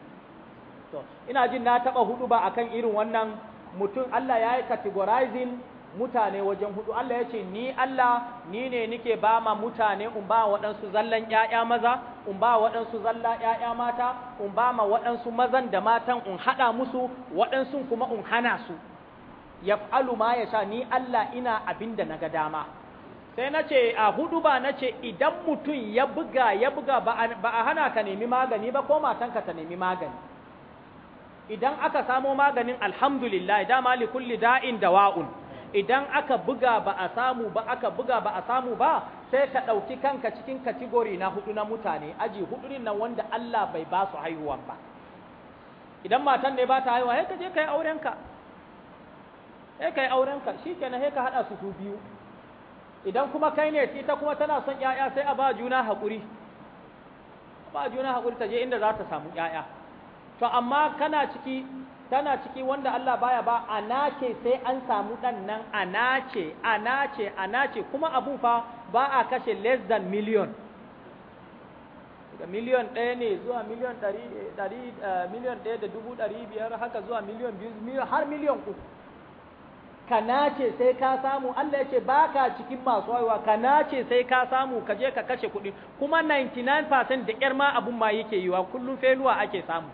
ina jin na taɓa hudu ba akan irin wannan mutum Allah ya yi categorizing mutane wajen hudu Allah ya ce ni Allah ni ne nike ba ma mutane in ba waɗansu zallan ƴaƴa maza in ba waɗansu zalla ƴaƴa mata in ba ma waɗansu mazan da matan in haɗa musu waɗansu kuma in hana su fa’alu ma ya sha ni Allah ina abin da naga dama sai na ce a hudu ba na ce idan mutum ya buga ya buga ba a hana ka nemi magani ba ko matan ka ta nemi magani idan aka samo maganin alhamdulillah dama li kulli da'in dawa'un idan aka buga ba a samu ba aka buga ba a samu ba sai ka ɗauki kanka cikin kategori na hudu na mutane aji hudu nan wanda Allah bai ba su haihuwa ba idan matan ne ba ta haihuwa sai ka je kai aurenka sai kai aurenka kenan sai ka hada su su biyu idan kuma kai ne ita kuma tana son ƴaƴa sai a ba juna haƙuri ba juna haƙuri ta je inda za ta samu ƴaƴa to amma kana ciki tana ciki wanda Allah baya ba ana ce sai an samu ɗan nan ana ce ana ce ana ce kuma abun fa ba a kashe less than million daga miliyon ɗaya ne zuwa miliyon ɗari eh, miliyon ɗaya da dubu ɗari biyar haka zuwa miliyon biyu har miliyon ku ka ce sai ka samu Allah ya ce ba ka cikin masu haihuwa ka ce sai ka samu ka je ka kashe kuɗi kuma 99% da ƙyar ma abun ma yake yiwa kullum feluwa ake samu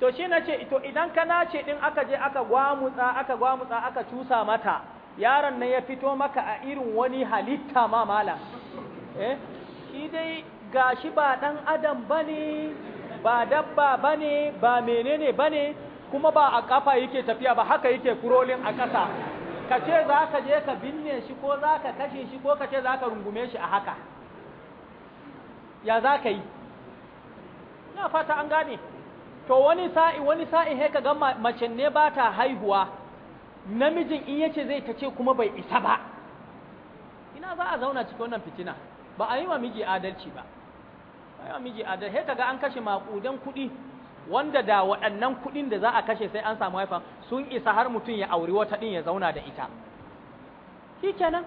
to shi na ce to idan ka nace din aka je aka gwamutsa aka gwamutsa aka cusa mata yaron nan ya fito maka a irin wani halitta ma malam eh shi dai gashi ba dan adam bane ba dabba bane ba menene bane kuma ba a kafa yake tafiya ba haka yake kurolin a ƙasa ka ce za ka je ka binne shi ko za ka kashe shi ko ka ce za ka rungume shi a haka ya za ka yi na fata an gane to wani sa'i wani sa'i he kaga mace ne ba ta haihuwa namijin in yace zai ta ce kuma bai isa ba ina za a zauna cikin wannan fitina ba a yi wa miji adalci ba a yi wa miji adalci he kaga an kashe makudan kuɗi wanda da waɗannan kuɗin da za a kashe sai an samu haifa sun isa har mutum ya auri wata ɗin ya zauna da ita shi kenan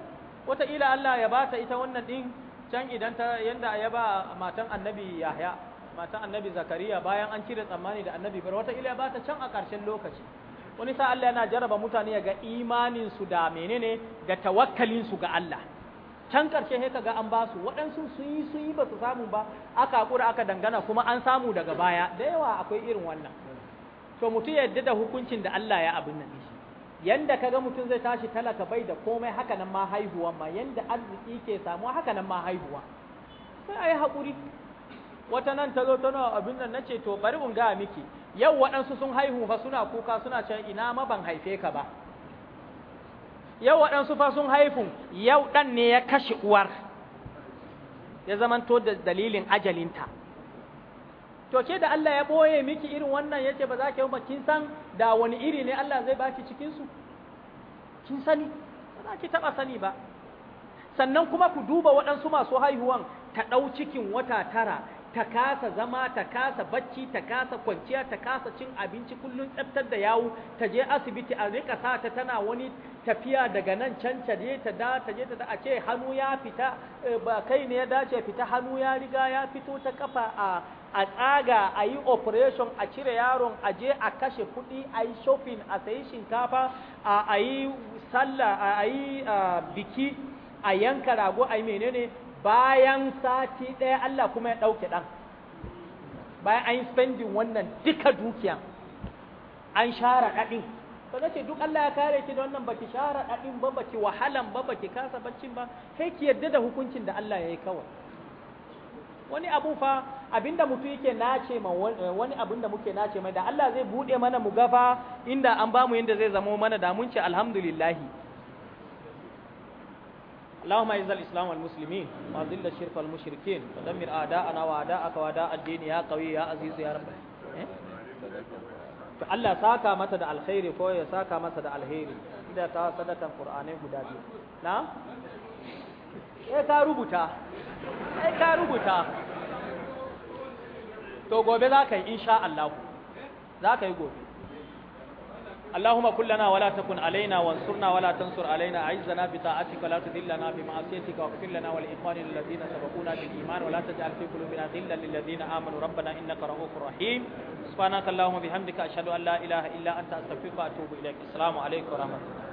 wataƙila Allah ya ba ta ita wannan ɗin can idan ta yanda ya ba matan annabi Yahya matan annabi zakariya bayan an cire tsammani da annabi bar wata ila ba ta can a ƙarshen lokaci wani sa Allah yana jaraba mutane ga imanin su da menene ga tawakkalin su ga Allah can ƙarshe sai kaga an basu waɗansu sun yi sun yi ba su samu ba aka hakura aka dangana kuma an samu daga baya da yawa akwai irin wannan to mutum yadda da hukuncin da Allah ya abin nan shi yanda kaga mutum zai tashi talaka bai da komai haka nan ma haihuwa ma yanda arziki ke samu haka nan ma haihuwa sai ayi hakuri wata nan ta zo tana abin nan nace to bari in ga miki yau waɗansu sun haihu fa suna kuka suna can ina ma ban haife ka ba yau waɗansu fa sun haifu, yau ɗan ne ya kashe uwar ya to da dalilin ajalinta to ke da Allah ya boye miki irin wannan ya ce ba za ki yi kin san da wani iri ne Allah zai baki cikinsu kin sani ba za ki taba sani ba sannan kuma ku duba waɗansu masu haihuwan ta ɗau cikin wata tara ta kasa zama ta kasa bacci ta kasa kwanciya ta kasa cin abinci kullum tsaftar da yawo ta je asibiti a rika sa ta tana wani tafiya daga nan can ta je ta da ta je ta a ce hannu ya fita eh, ba kai ne ya dace fita hannu ya riga ya fito ta kafa a a tsaga a yi operation a cire yaron a je a kashe kuɗi a yi shopping a sayi shinkafa a yi sallah a yi ah, biki a yanka rago a yi menene bayan sati ɗaya Allah kuma ya ɗauke ɗan bayan an yi spending wannan duka dukiya an share ɗaɗin to na ce duk Allah ya kare ki da wannan baki share ɗaɗin ba baki wahalan ba baki kasa baccin ba sai ki yarda da hukuncin da Allah ya yi kawai wani abu fa abinda mutum yake nace ma eh, wani abin da muke nace mai da Allah zai buɗe mana mu gafa inda an bamu yanda zai zamo mana da mun ce alhamdulillahi اللهم اعز الاسلام والمسلمين واذل الشرك والمشركين ودمر اعداءنا واعداءك واعداء الدين يا قوي يا عزيز يا رب to Allah saka mata da alkhairi ko ya saka masa da alheri idan ta sadakan qur'anai guda biyu na eh rubuta eh ka rubuta to gobe za ka yi insha za ka yi gobe اللهم كن لنا ولا تكن علينا وانصرنا ولا تنصر علينا أعزنا بطاعتك ولا تذلنا بمعصيتك واغفر لنا ولإخواننا الذين سبقونا بالإيمان ولا تجعل في قلوبنا غلا للذين آمنوا ربنا إنك رؤوف رحيم سبحانك اللهم وبحمدك أشهد أن لا إله إلا أنت أستغفرك وأتوب إليك السلام عليكم ورحمة الله